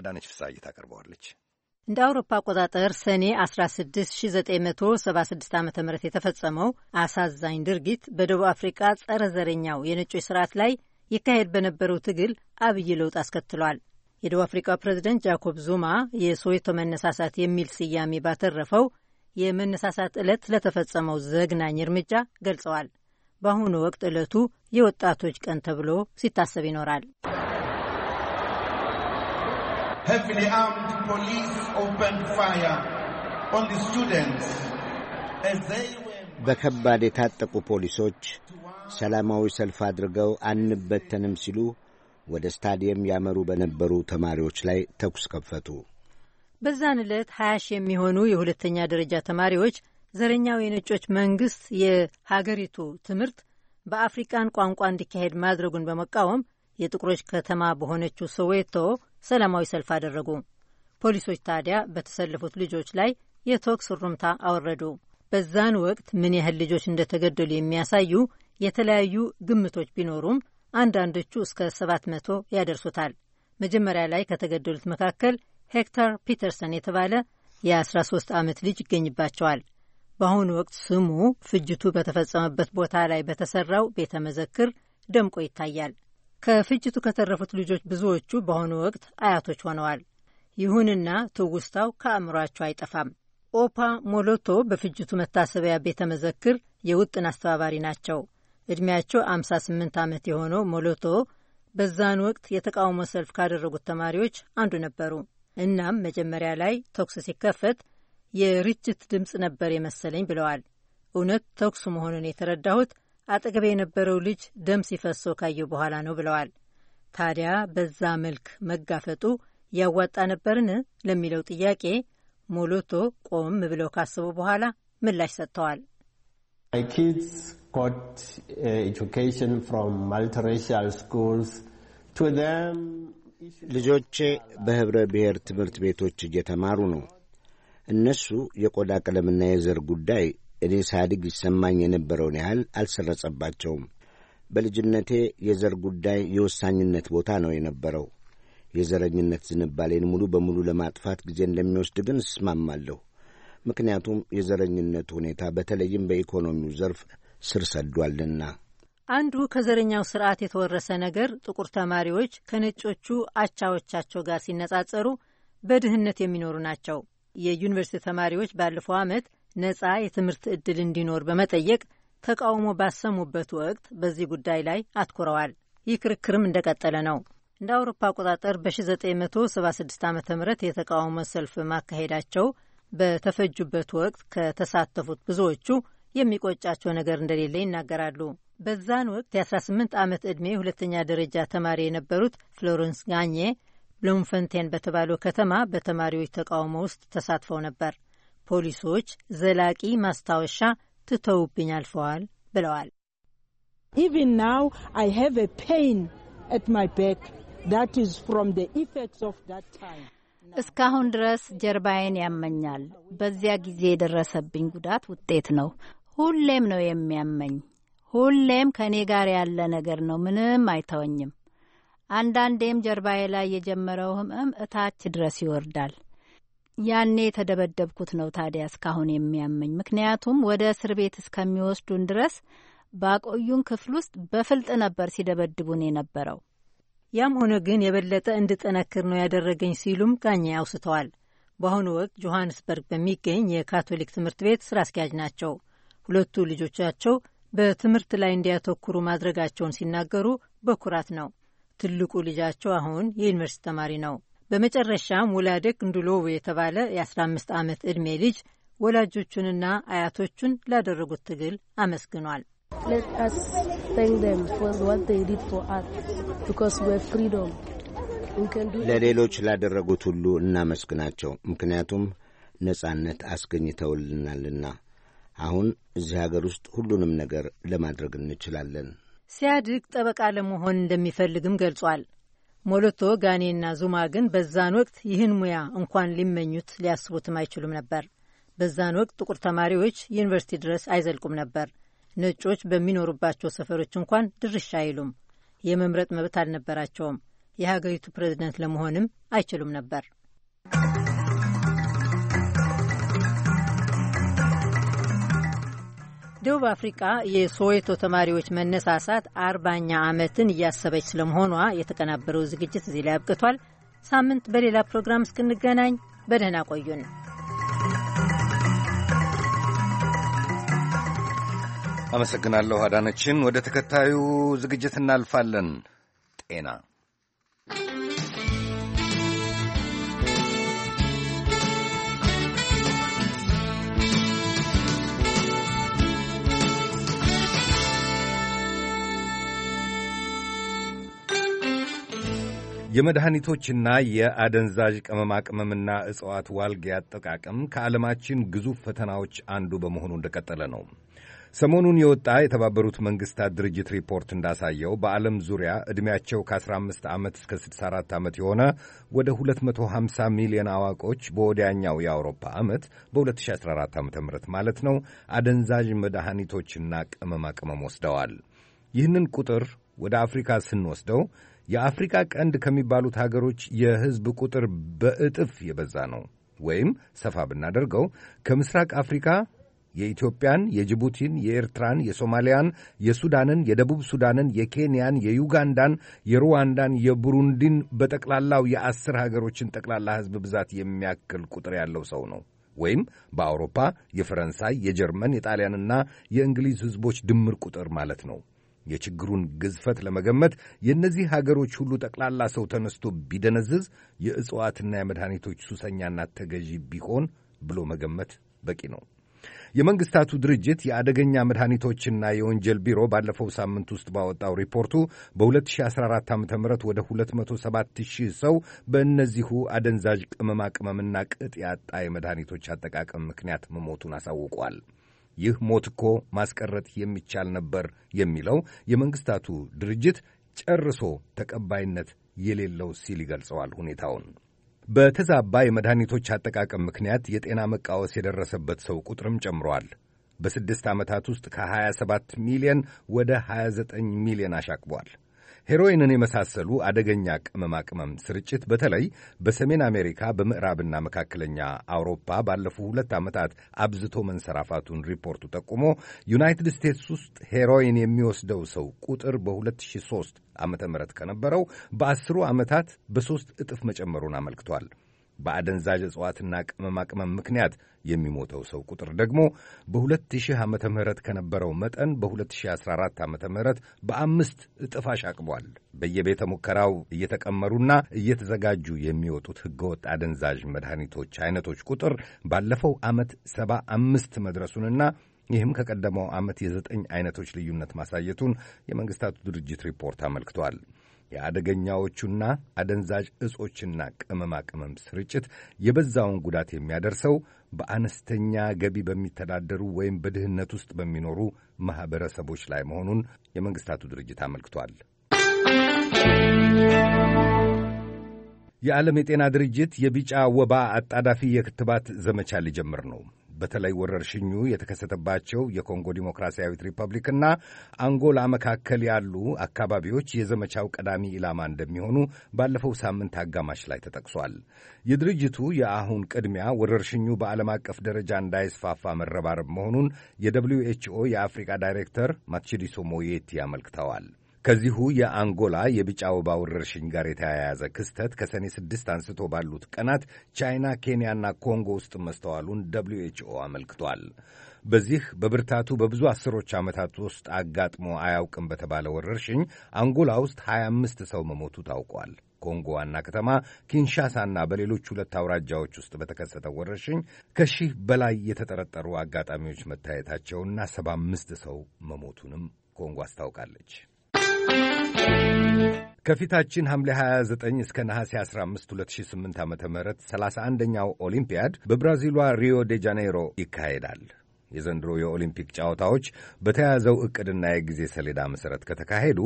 አዳነች ፍሳይ ታቀርበዋለች። እንደ አውሮፓ አቆጣጠር ሰኔ 16976 ዓ ም የተፈጸመው አሳዛኝ ድርጊት በደቡብ አፍሪቃ ጸረ ዘረኛው የነጮች ስርዓት ላይ ይካሄድ በነበረው ትግል አብይ ለውጥ አስከትሏል። የደቡብ አፍሪካ ፕሬዚደንት ጃኮብ ዙማ የሶዌቶ መነሳሳት የሚል ስያሜ ባተረፈው የመነሳሳት ዕለት ለተፈጸመው ዘግናኝ እርምጃ ገልጸዋል። በአሁኑ ወቅት ዕለቱ የወጣቶች ቀን ተብሎ ሲታሰብ ይኖራል። በከባድ የታጠቁ ፖሊሶች ሰላማዊ ሰልፍ አድርገው አንበተንም ሲሉ ወደ ስታዲየም ያመሩ በነበሩ ተማሪዎች ላይ ተኩስ ከፈቱ። በዛን ዕለት ሀያ ሺህ የሚሆኑ የሁለተኛ ደረጃ ተማሪዎች ዘረኛው የነጮች መንግሥት የሀገሪቱ ትምህርት በአፍሪቃን ቋንቋ እንዲካሄድ ማድረጉን በመቃወም የጥቁሮች ከተማ በሆነችው ሶዌቶ ሰላማዊ ሰልፍ አደረጉ። ፖሊሶች ታዲያ በተሰለፉት ልጆች ላይ የተኩስ ሩምታ አወረዱ። በዛን ወቅት ምን ያህል ልጆች እንደተገደሉ የሚያሳዩ የተለያዩ ግምቶች ቢኖሩም አንዳንዶቹ እስከ 700 ያደርሱታል። መጀመሪያ ላይ ከተገደሉት መካከል ሄክተር ፒተርሰን የተባለ የ13 ዓመት ልጅ ይገኝባቸዋል። በአሁኑ ወቅት ስሙ ፍጅቱ በተፈጸመበት ቦታ ላይ በተሰራው ቤተ መዘክር ደምቆ ይታያል። ከፍጅቱ ከተረፉት ልጆች ብዙዎቹ በአሁኑ ወቅት አያቶች ሆነዋል። ይሁንና ትውስታው ከአእምሯቸው አይጠፋም። ኦፓ ሞሎቶ በፍጅቱ መታሰቢያ ቤተ መዘክር የውጥን አስተባባሪ ናቸው። ዕድሜያቸው 58 ዓመት የሆነው ሞሎቶ በዛን ወቅት የተቃውሞ ሰልፍ ካደረጉት ተማሪዎች አንዱ ነበሩ። እናም መጀመሪያ ላይ ተኩስ ሲከፈት የርችት ድምፅ ነበር የመሰለኝ ብለዋል። እውነት ተኩሱ መሆኑን የተረዳሁት አጠገቤ የነበረው ልጅ ደም ሲፈሰው ካየው በኋላ ነው ብለዋል። ታዲያ በዛ መልክ መጋፈጡ ያዋጣ ነበርን ለሚለው ጥያቄ ሞሎቶ ቆም ብለው ካስቡ በኋላ ምላሽ ሰጥተዋል። got uh, education from multiracial schools to them ልጆቼ በህብረ ብሔር ትምህርት ቤቶች እየተማሩ ነው። እነሱ የቆዳ ቀለምና የዘር ጉዳይ እኔ ሳድግ ይሰማኝ የነበረውን ያህል አልሰረጸባቸውም። በልጅነቴ የዘር ጉዳይ የወሳኝነት ቦታ ነው የነበረው። የዘረኝነት ዝንባሌን ሙሉ በሙሉ ለማጥፋት ጊዜ እንደሚወስድ ግን እስማማለሁ። ምክንያቱም የዘረኝነት ሁኔታ በተለይም በኢኮኖሚው ዘርፍ ስር ሰዷልና። አንዱ ከዘረኛው ስርዓት የተወረሰ ነገር ጥቁር ተማሪዎች ከነጮቹ አቻዎቻቸው ጋር ሲነጻጸሩ በድህነት የሚኖሩ ናቸው። የዩኒቨርሲቲ ተማሪዎች ባለፈው ዓመት ነጻ የትምህርት ዕድል እንዲኖር በመጠየቅ ተቃውሞ ባሰሙበት ወቅት በዚህ ጉዳይ ላይ አትኩረዋል። ይህ ክርክርም እንደቀጠለ ነው። እንደ አውሮፓ አቆጣጠር በ1976 ዓ ም የተቃውሞ ሰልፍ ማካሄዳቸው በተፈጁበት ወቅት ከተሳተፉት ብዙዎቹ የሚቆጫቸው ነገር እንደሌለ ይናገራሉ። በዛን ወቅት የ18 ዓመት ዕድሜ ሁለተኛ ደረጃ ተማሪ የነበሩት ፍሎረንስ ጋኜ ብሎምፈንቴን በተባለው ከተማ በተማሪዎች ተቃውሞ ውስጥ ተሳትፈው ነበር። ፖሊሶች ዘላቂ ማስታወሻ ትተውብኝ አልፈዋል ብለዋል። ኢቭን ናው አይ ሃቭ ፔን አት ማይ ባክ ዛት ኢዝ ፍሮም ዘ ኢፌክትስ ኦፍ ዛት ታይም። እስካሁን ድረስ ጀርባዬን ያመኛል። በዚያ ጊዜ የደረሰብኝ ጉዳት ውጤት ነው። ሁሌም ነው የሚያመኝ። ሁሌም ከእኔ ጋር ያለ ነገር ነው። ምንም አይተወኝም። አንዳንዴም ጀርባዬ ላይ የጀመረው ህመም እታች ድረስ ይወርዳል። ያኔ የተደበደብኩት ነው ታዲያ እስካሁን የሚያመኝ። ምክንያቱም ወደ እስር ቤት እስከሚወስዱን ድረስ ባቆዩን ክፍል ውስጥ በፍልጥ ነበር ሲደበድቡን የነበረው። ያም ሆነ ግን የበለጠ እንድጠነክር ነው ያደረገኝ ሲሉም ጋኛ አውስተዋል። በአሁኑ ወቅት ጆሐንስበርግ በሚገኝ የካቶሊክ ትምህርት ቤት ስራ አስኪያጅ ናቸው። ሁለቱ ልጆቻቸው በትምህርት ላይ እንዲያተኩሩ ማድረጋቸውን ሲናገሩ በኩራት ነው። ትልቁ ልጃቸው አሁን የዩኒቨርሲቲ ተማሪ ነው። በመጨረሻም ውላደክ እንዱሎዌ የተባለ የ15 ዓመት ዕድሜ ልጅ ወላጆቹንና አያቶቹን ላደረጉት ትግል አመስግኗል። ለሌሎች ላደረጉት ሁሉ እናመስግናቸው፣ ምክንያቱም ነጻነት አስገኝተውልናልና አሁን እዚህ ሀገር ውስጥ ሁሉንም ነገር ለማድረግ እንችላለን። ሲያድግ ጠበቃ ለመሆን እንደሚፈልግም ገልጿል። ሞሎቶ ጋኔና ዙማ ግን በዛን ወቅት ይህን ሙያ እንኳን ሊመኙት ሊያስቡትም አይችሉም ነበር። በዛን ወቅት ጥቁር ተማሪዎች ዩኒቨርሲቲ ድረስ አይዘልቁም ነበር። ነጮች በሚኖሩባቸው ሰፈሮች እንኳን ድርሻ አይሉም። የመምረጥ መብት አልነበራቸውም። የሀገሪቱ ፕሬዝደንት ለመሆንም አይችሉም ነበር። ደቡብ አፍሪቃ የሶዌቶ ተማሪዎች መነሳሳት አርባኛ ዓመትን እያሰበች ስለመሆኗ የተቀናበረው ዝግጅት እዚህ ላይ አብቅቷል። ሳምንት በሌላ ፕሮግራም እስክንገናኝ በደህና ቆዩን። አመሰግናለሁ አዳነችን። ወደ ተከታዩ ዝግጅት እናልፋለን። ጤና የመድኃኒቶችና የአደንዛዥ ቅመማ ቅመምና እጽዋት ዋልጌ አጠቃቀም ከዓለማችን ግዙፍ ፈተናዎች አንዱ በመሆኑ እንደቀጠለ ነው። ሰሞኑን የወጣ የተባበሩት መንግሥታት ድርጅት ሪፖርት እንዳሳየው በዓለም ዙሪያ ዕድሜያቸው ከ15 ዓመት እስከ 64 ዓመት የሆነ ወደ 250 ሚሊዮን አዋቆች በወዲያኛው የአውሮፓ ዓመት በ2014 ዓ ም ማለት ነው አደንዛዥ መድኃኒቶችና ቅመማ ቅመም ወስደዋል። ይህንን ቁጥር ወደ አፍሪካ ስንወስደው የአፍሪካ ቀንድ ከሚባሉት ሀገሮች የሕዝብ ቁጥር በእጥፍ የበዛ ነው። ወይም ሰፋ ብናደርገው ከምስራቅ አፍሪካ የኢትዮጵያን፣ የጅቡቲን፣ የኤርትራን፣ የሶማሊያን፣ የሱዳንን፣ የደቡብ ሱዳንን፣ የኬንያን፣ የዩጋንዳን፣ የሩዋንዳን፣ የቡሩንዲን በጠቅላላው የአስር ሀገሮችን ጠቅላላ ሕዝብ ብዛት የሚያክል ቁጥር ያለው ሰው ነው። ወይም በአውሮፓ የፈረንሳይ፣ የጀርመን፣ የጣሊያንና የእንግሊዝ ሕዝቦች ድምር ቁጥር ማለት ነው። የችግሩን ግዝፈት ለመገመት የእነዚህ ሀገሮች ሁሉ ጠቅላላ ሰው ተነስቶ ቢደነዝዝ የእጽዋትና የመድኃኒቶች ሱሰኛና ተገዢ ቢሆን ብሎ መገመት በቂ ነው። የመንግስታቱ ድርጅት የአደገኛ መድኃኒቶችና የወንጀል ቢሮ ባለፈው ሳምንት ውስጥ ባወጣው ሪፖርቱ በ2014 ዓ ም ወደ 270,000 ሰው በእነዚሁ አደንዛዥ ቅመማ ቅመምና ቅጥ ያጣ የመድኃኒቶች አጠቃቀም ምክንያት መሞቱን አሳውቋል። ይህ ሞት እኮ ማስቀረት የሚቻል ነበር የሚለው የመንግስታቱ ድርጅት ጨርሶ ተቀባይነት የሌለው ሲል ይገልጸዋል ሁኔታውን። በተዛባ የመድኃኒቶች አጠቃቀም ምክንያት የጤና መቃወስ የደረሰበት ሰው ቁጥርም ጨምሯል። በስድስት ዓመታት ውስጥ ከ27 ሚሊዮን ወደ 29 ሚሊዮን አሻቅቧል። ሄሮይንን የመሳሰሉ አደገኛ ቅመማ ቅመም ስርጭት በተለይ በሰሜን አሜሪካ በምዕራብና መካከለኛ አውሮፓ ባለፉ ሁለት ዓመታት አብዝቶ መንሰራፋቱን ሪፖርቱ ጠቁሞ ዩናይትድ ስቴትስ ውስጥ ሄሮይን የሚወስደው ሰው ቁጥር በ2003 ዓ ም ከነበረው በአስሩ ዓመታት በሦስት እጥፍ መጨመሩን አመልክቷል። በአደንዛዥ እጽዋትና ቅመማ ቅመም ምክንያት የሚሞተው ሰው ቁጥር ደግሞ በ2000 ዓ ም ከነበረው መጠን በ2014 ዓ ም በአምስት እጥፍ አሻቅቧል። በየቤተ ሙከራው እየተቀመሩና እየተዘጋጁ የሚወጡት ህገወጥ አደንዛዥ መድኃኒቶች አይነቶች ቁጥር ባለፈው ዓመት 75 መድረሱንና ይህም ከቀደመው ዓመት የዘጠኝ አይነቶች ልዩነት ማሳየቱን የመንግሥታቱ ድርጅት ሪፖርት አመልክቷል። የአደገኛዎቹና አደንዛዥ እጾችና ቅመማ ቅመም ስርጭት የበዛውን ጉዳት የሚያደርሰው በአነስተኛ ገቢ በሚተዳደሩ ወይም በድህነት ውስጥ በሚኖሩ ማኅበረሰቦች ላይ መሆኑን የመንግሥታቱ ድርጅት አመልክቷል። የዓለም የጤና ድርጅት የቢጫ ወባ አጣዳፊ የክትባት ዘመቻ ሊጀምር ነው። በተለይ ወረርሽኙ የተከሰተባቸው የኮንጎ ዲሞክራሲያዊት ሪፐብሊክና አንጎላ መካከል ያሉ አካባቢዎች የዘመቻው ቀዳሚ ኢላማ እንደሚሆኑ ባለፈው ሳምንት አጋማሽ ላይ ተጠቅሷል። የድርጅቱ የአሁን ቅድሚያ ወረርሽኙ በዓለም አቀፍ ደረጃ እንዳይስፋፋ መረባረብ መሆኑን የደብሊዩ ኤችኦ የአፍሪቃ ዳይሬክተር ማትሺዲሶ ሞዬቲ አመልክተዋል። ከዚሁ የአንጎላ የቢጫ ወባ ወረርሽኝ ጋር የተያያዘ ክስተት ከሰኔ ስድስት አንስቶ ባሉት ቀናት ቻይና፣ ኬንያና ኮንጎ ውስጥ መስተዋሉን ደብሊው ኤችኦ አመልክቷል። በዚህ በብርታቱ በብዙ አስሮች ዓመታት ውስጥ አጋጥሞ አያውቅም በተባለ ወረርሽኝ አንጎላ ውስጥ 25 ሰው መሞቱ ታውቋል። ኮንጎ ዋና ከተማ ኪንሻሳና በሌሎች ሁለት አውራጃዎች ውስጥ በተከሰተው ወረርሽኝ ከሺህ በላይ የተጠረጠሩ አጋጣሚዎች መታየታቸውና 75 ሰው መሞቱንም ኮንጎ አስታውቃለች። ከፊታችን ሐምሌ 29 እስከ ነሐሴ 15 2008 ዓ ም 31ኛው ኦሊምፒያድ በብራዚሏ ሪዮ ዴ ጃኔይሮ ይካሄዳል። የዘንድሮ የኦሊምፒክ ጨዋታዎች በተያያዘው ዕቅድና የጊዜ ሰሌዳ መሠረት ከተካሄዱ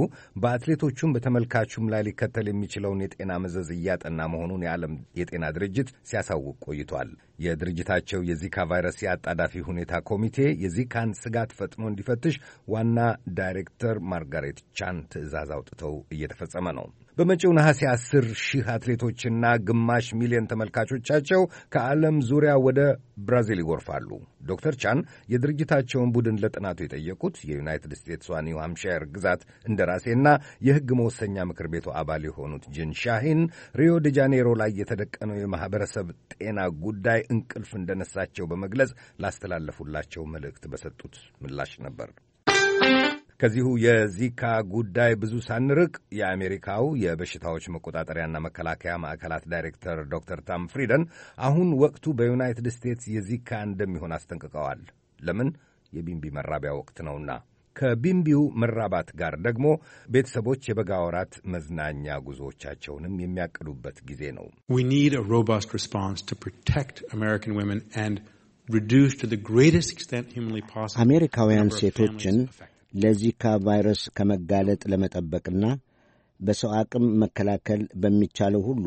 በአትሌቶቹም በተመልካቹም ላይ ሊከተል የሚችለውን የጤና መዘዝ እያጠና መሆኑን የዓለም የጤና ድርጅት ሲያሳውቅ ቆይቷል። የድርጅታቸው የዚካ ቫይረስ የአጣዳፊ ሁኔታ ኮሚቴ የዚካን ስጋት ፈጥኖ እንዲፈትሽ ዋና ዳይሬክተር ማርጋሬት ቻን ትዕዛዝ አውጥተው እየተፈጸመ ነው። በመጪው ነሐሴ አስር ሺህ አትሌቶችና ግማሽ ሚሊዮን ተመልካቾቻቸው ከዓለም ዙሪያ ወደ ብራዚል ይጎርፋሉ። ዶክተር ቻን የድርጅታቸውን ቡድን ለጥናቱ የጠየቁት የዩናይትድ ስቴትስዋ ኒው ሃምፕሻየር ግዛት እንደራሴና የሕግ መወሰኛ ምክር ቤቱ አባል የሆኑት ጂን ሻሂን ሪዮ ዲ ጃኔሮ ላይ የተደቀነው የማኅበረሰብ ጤና ጉዳይ እንቅልፍ እንደነሳቸው በመግለጽ ላስተላለፉላቸው መልእክት በሰጡት ምላሽ ነበር። ከዚሁ የዚካ ጉዳይ ብዙ ሳንርቅ የአሜሪካው የበሽታዎች መቆጣጠሪያና መከላከያ ማዕከላት ዳይሬክተር ዶክተር ታም ፍሪደን አሁን ወቅቱ በዩናይትድ ስቴትስ የዚካ እንደሚሆን አስጠንቅቀዋል። ለምን? የቢምቢ መራቢያ ወቅት ነውና። ከቢምቢው መራባት ጋር ደግሞ ቤተሰቦች የበጋ ወራት መዝናኛ ጉዞዎቻቸውንም የሚያቅዱበት ጊዜ ነው። አሜሪካውያን ሴቶችን ለዚካ ቫይረስ ከመጋለጥ ለመጠበቅና በሰው አቅም መከላከል በሚቻለው ሁሉ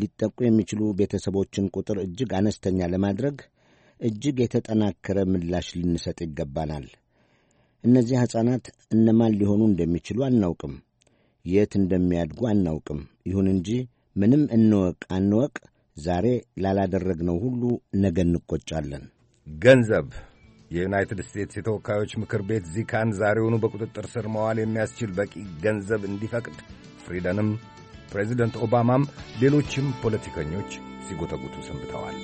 ሊጠቁ የሚችሉ ቤተሰቦችን ቁጥር እጅግ አነስተኛ ለማድረግ እጅግ የተጠናከረ ምላሽ ልንሰጥ ይገባናል። እነዚህ ሕፃናት እነማን ሊሆኑ እንደሚችሉ አናውቅም። የት እንደሚያድጉ አናውቅም። ይሁን እንጂ ምንም እንወቅ አንወቅ ዛሬ ላላደረግነው ሁሉ ነገ እንቆጫለን። ገንዘብ የዩናይትድ ስቴትስ የተወካዮች ምክር ቤት ዚካን ዛሬውኑ በቁጥጥር ስር መዋል የሚያስችል በቂ ገንዘብ እንዲፈቅድ ፍሪደንም ፕሬዚደንት ኦባማም ሌሎችም ፖለቲከኞች ሲጎተጉቱ ሰንብተዋል።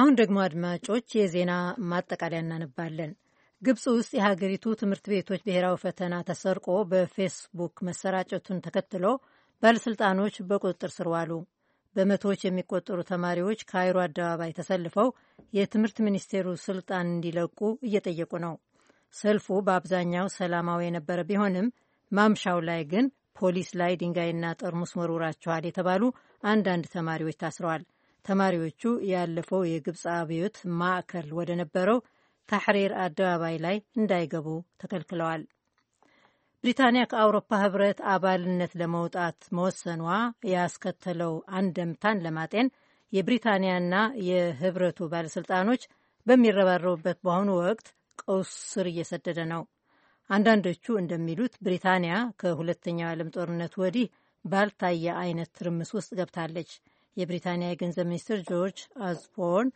አሁን ደግሞ አድማጮች የዜና ማጠቃለያ እናነባለን። ግብፅ ውስጥ የሀገሪቱ ትምህርት ቤቶች ብሔራዊ ፈተና ተሰርቆ በፌስቡክ መሰራጨቱን ተከትሎ ባለሥልጣኖች በቁጥጥር ስር ዋሉ። በመቶዎች የሚቆጠሩ ተማሪዎች ካይሮ አደባባይ ተሰልፈው የትምህርት ሚኒስቴሩ ስልጣን እንዲለቁ እየጠየቁ ነው። ሰልፉ በአብዛኛው ሰላማዊ የነበረ ቢሆንም ማምሻው ላይ ግን ፖሊስ ላይ ድንጋይና ጠርሙስ ወርውራቸዋል የተባሉ አንዳንድ ተማሪዎች ታስረዋል። ተማሪዎቹ ያለፈው የግብፅ አብዮት ማዕከል ወደ ነበረው ታሕሪር አደባባይ ላይ እንዳይገቡ ተከልክለዋል። ብሪታንያ ከአውሮፓ ህብረት አባልነት ለመውጣት መወሰኗ ያስከተለው አንደምታን ለማጤን የብሪታንያና የህብረቱ ባለሥልጣኖች በሚረባረቡበት በአሁኑ ወቅት ቀውስ ስር እየሰደደ ነው። አንዳንዶቹ እንደሚሉት ብሪታንያ ከሁለተኛው ዓለም ጦርነት ወዲህ ባልታየ አይነት ትርምስ ውስጥ ገብታለች። የብሪታንያ የገንዘብ ሚኒስትር ጆርጅ አዝቦርን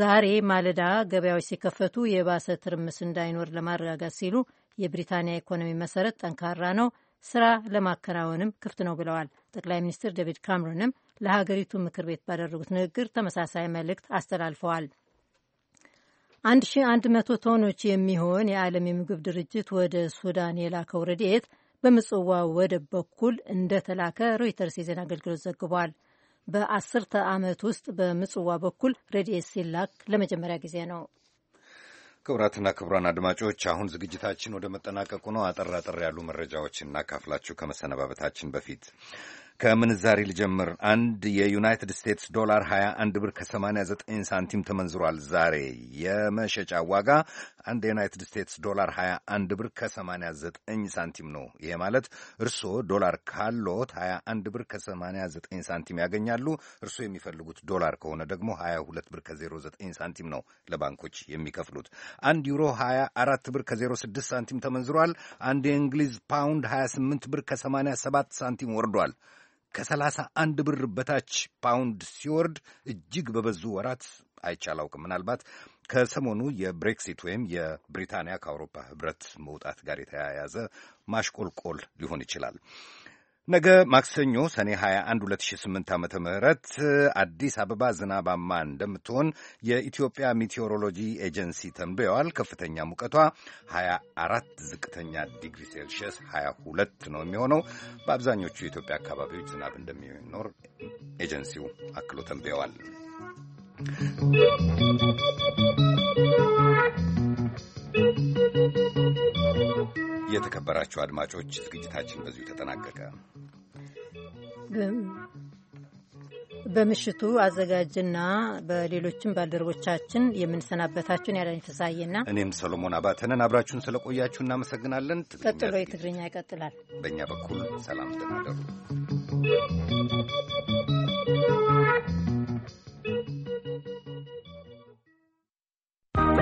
ዛሬ ማለዳ ገበያዎች ሲከፈቱ የባሰ ትርምስ እንዳይኖር ለማረጋጋት ሲሉ የብሪታንያ ኢኮኖሚ መሰረት ጠንካራ ነው፣ ስራ ለማከናወንም ክፍት ነው ብለዋል። ጠቅላይ ሚኒስትር ዴቪድ ካምሮንም ለሀገሪቱ ምክር ቤት ባደረጉት ንግግር ተመሳሳይ መልእክት አስተላልፈዋል። 1100 ቶኖች የሚሆን የዓለም የምግብ ድርጅት ወደ ሱዳን የላከው ረድኤት በምጽዋ ወደብ በኩል እንደተላከ ሮይተርስ የዜና አገልግሎት ዘግቧል። በአስርተ ዓመት ውስጥ በምጽዋ በኩል ረድኤት ሲላክ ለመጀመሪያ ጊዜ ነው። ክቡራትና ክቡራን አድማጮች አሁን ዝግጅታችን ወደ መጠናቀቁ ነው። አጠር አጠር ያሉ መረጃዎች እናካፍላችሁ ከመሰነባበታችን በፊት ከምንዛሪ ልጀምር። አንድ የዩናይትድ ስቴትስ ዶላር 21 ብር ከ89 ሳንቲም ተመንዝሯል። ዛሬ የመሸጫ ዋጋ አንድ የዩናይትድ ስቴትስ ዶላር 21 ብር ከ89 ሳንቲም ነው። ይሄ ማለት እርስዎ ዶላር ካሎት 21 ብር ከ89 ሳንቲም ያገኛሉ። እርስዎ የሚፈልጉት ዶላር ከሆነ ደግሞ 22 ብር ከ09 ሳንቲም ነው ለባንኮች የሚከፍሉት። አንድ ዩሮ 24 ብር ከ06 ሳንቲም ተመንዝሯል። አንድ የእንግሊዝ ፓውንድ 28 ብር ከ87 ሳንቲም ወርዷል። ከ31 ብር በታች ፓውንድ ሲወርድ እጅግ በበዙ ወራት አይቻላውቅም። ምናልባት ከሰሞኑ የብሬክሲት ወይም የብሪታንያ ከአውሮፓ ህብረት መውጣት ጋር የተያያዘ ማሽቆልቆል ሊሆን ይችላል። ነገ ማክሰኞ ሰኔ 21 2008 ዓ ም አዲስ አበባ ዝናባማ እንደምትሆን የኢትዮጵያ ሚቴዎሮሎጂ ኤጀንሲ ተንብየዋል። ከፍተኛ ሙቀቷ 24፣ ዝቅተኛ ዲግሪ ሴልሽየስ 22 ነው የሚሆነው። በአብዛኞቹ የኢትዮጵያ አካባቢዎች ዝናብ እንደሚኖር ኤጀንሲው አክሎ ተንብየዋል። Thank you. የተከበራችሁ አድማጮች ዝግጅታችን በዚሁ ተጠናቀቀ። በምሽቱ አዘጋጅና በሌሎችም ባልደረቦቻችን የምንሰናበታችሁን ያዳኝ ፍሳዬና እኔም ሰሎሞን አባተንን አብራችሁን ስለቆያችሁ እናመሰግናለን። ቀጥሎ የትግርኛ ይቀጥላል። በእኛ በኩል ሰላም ደናደሩ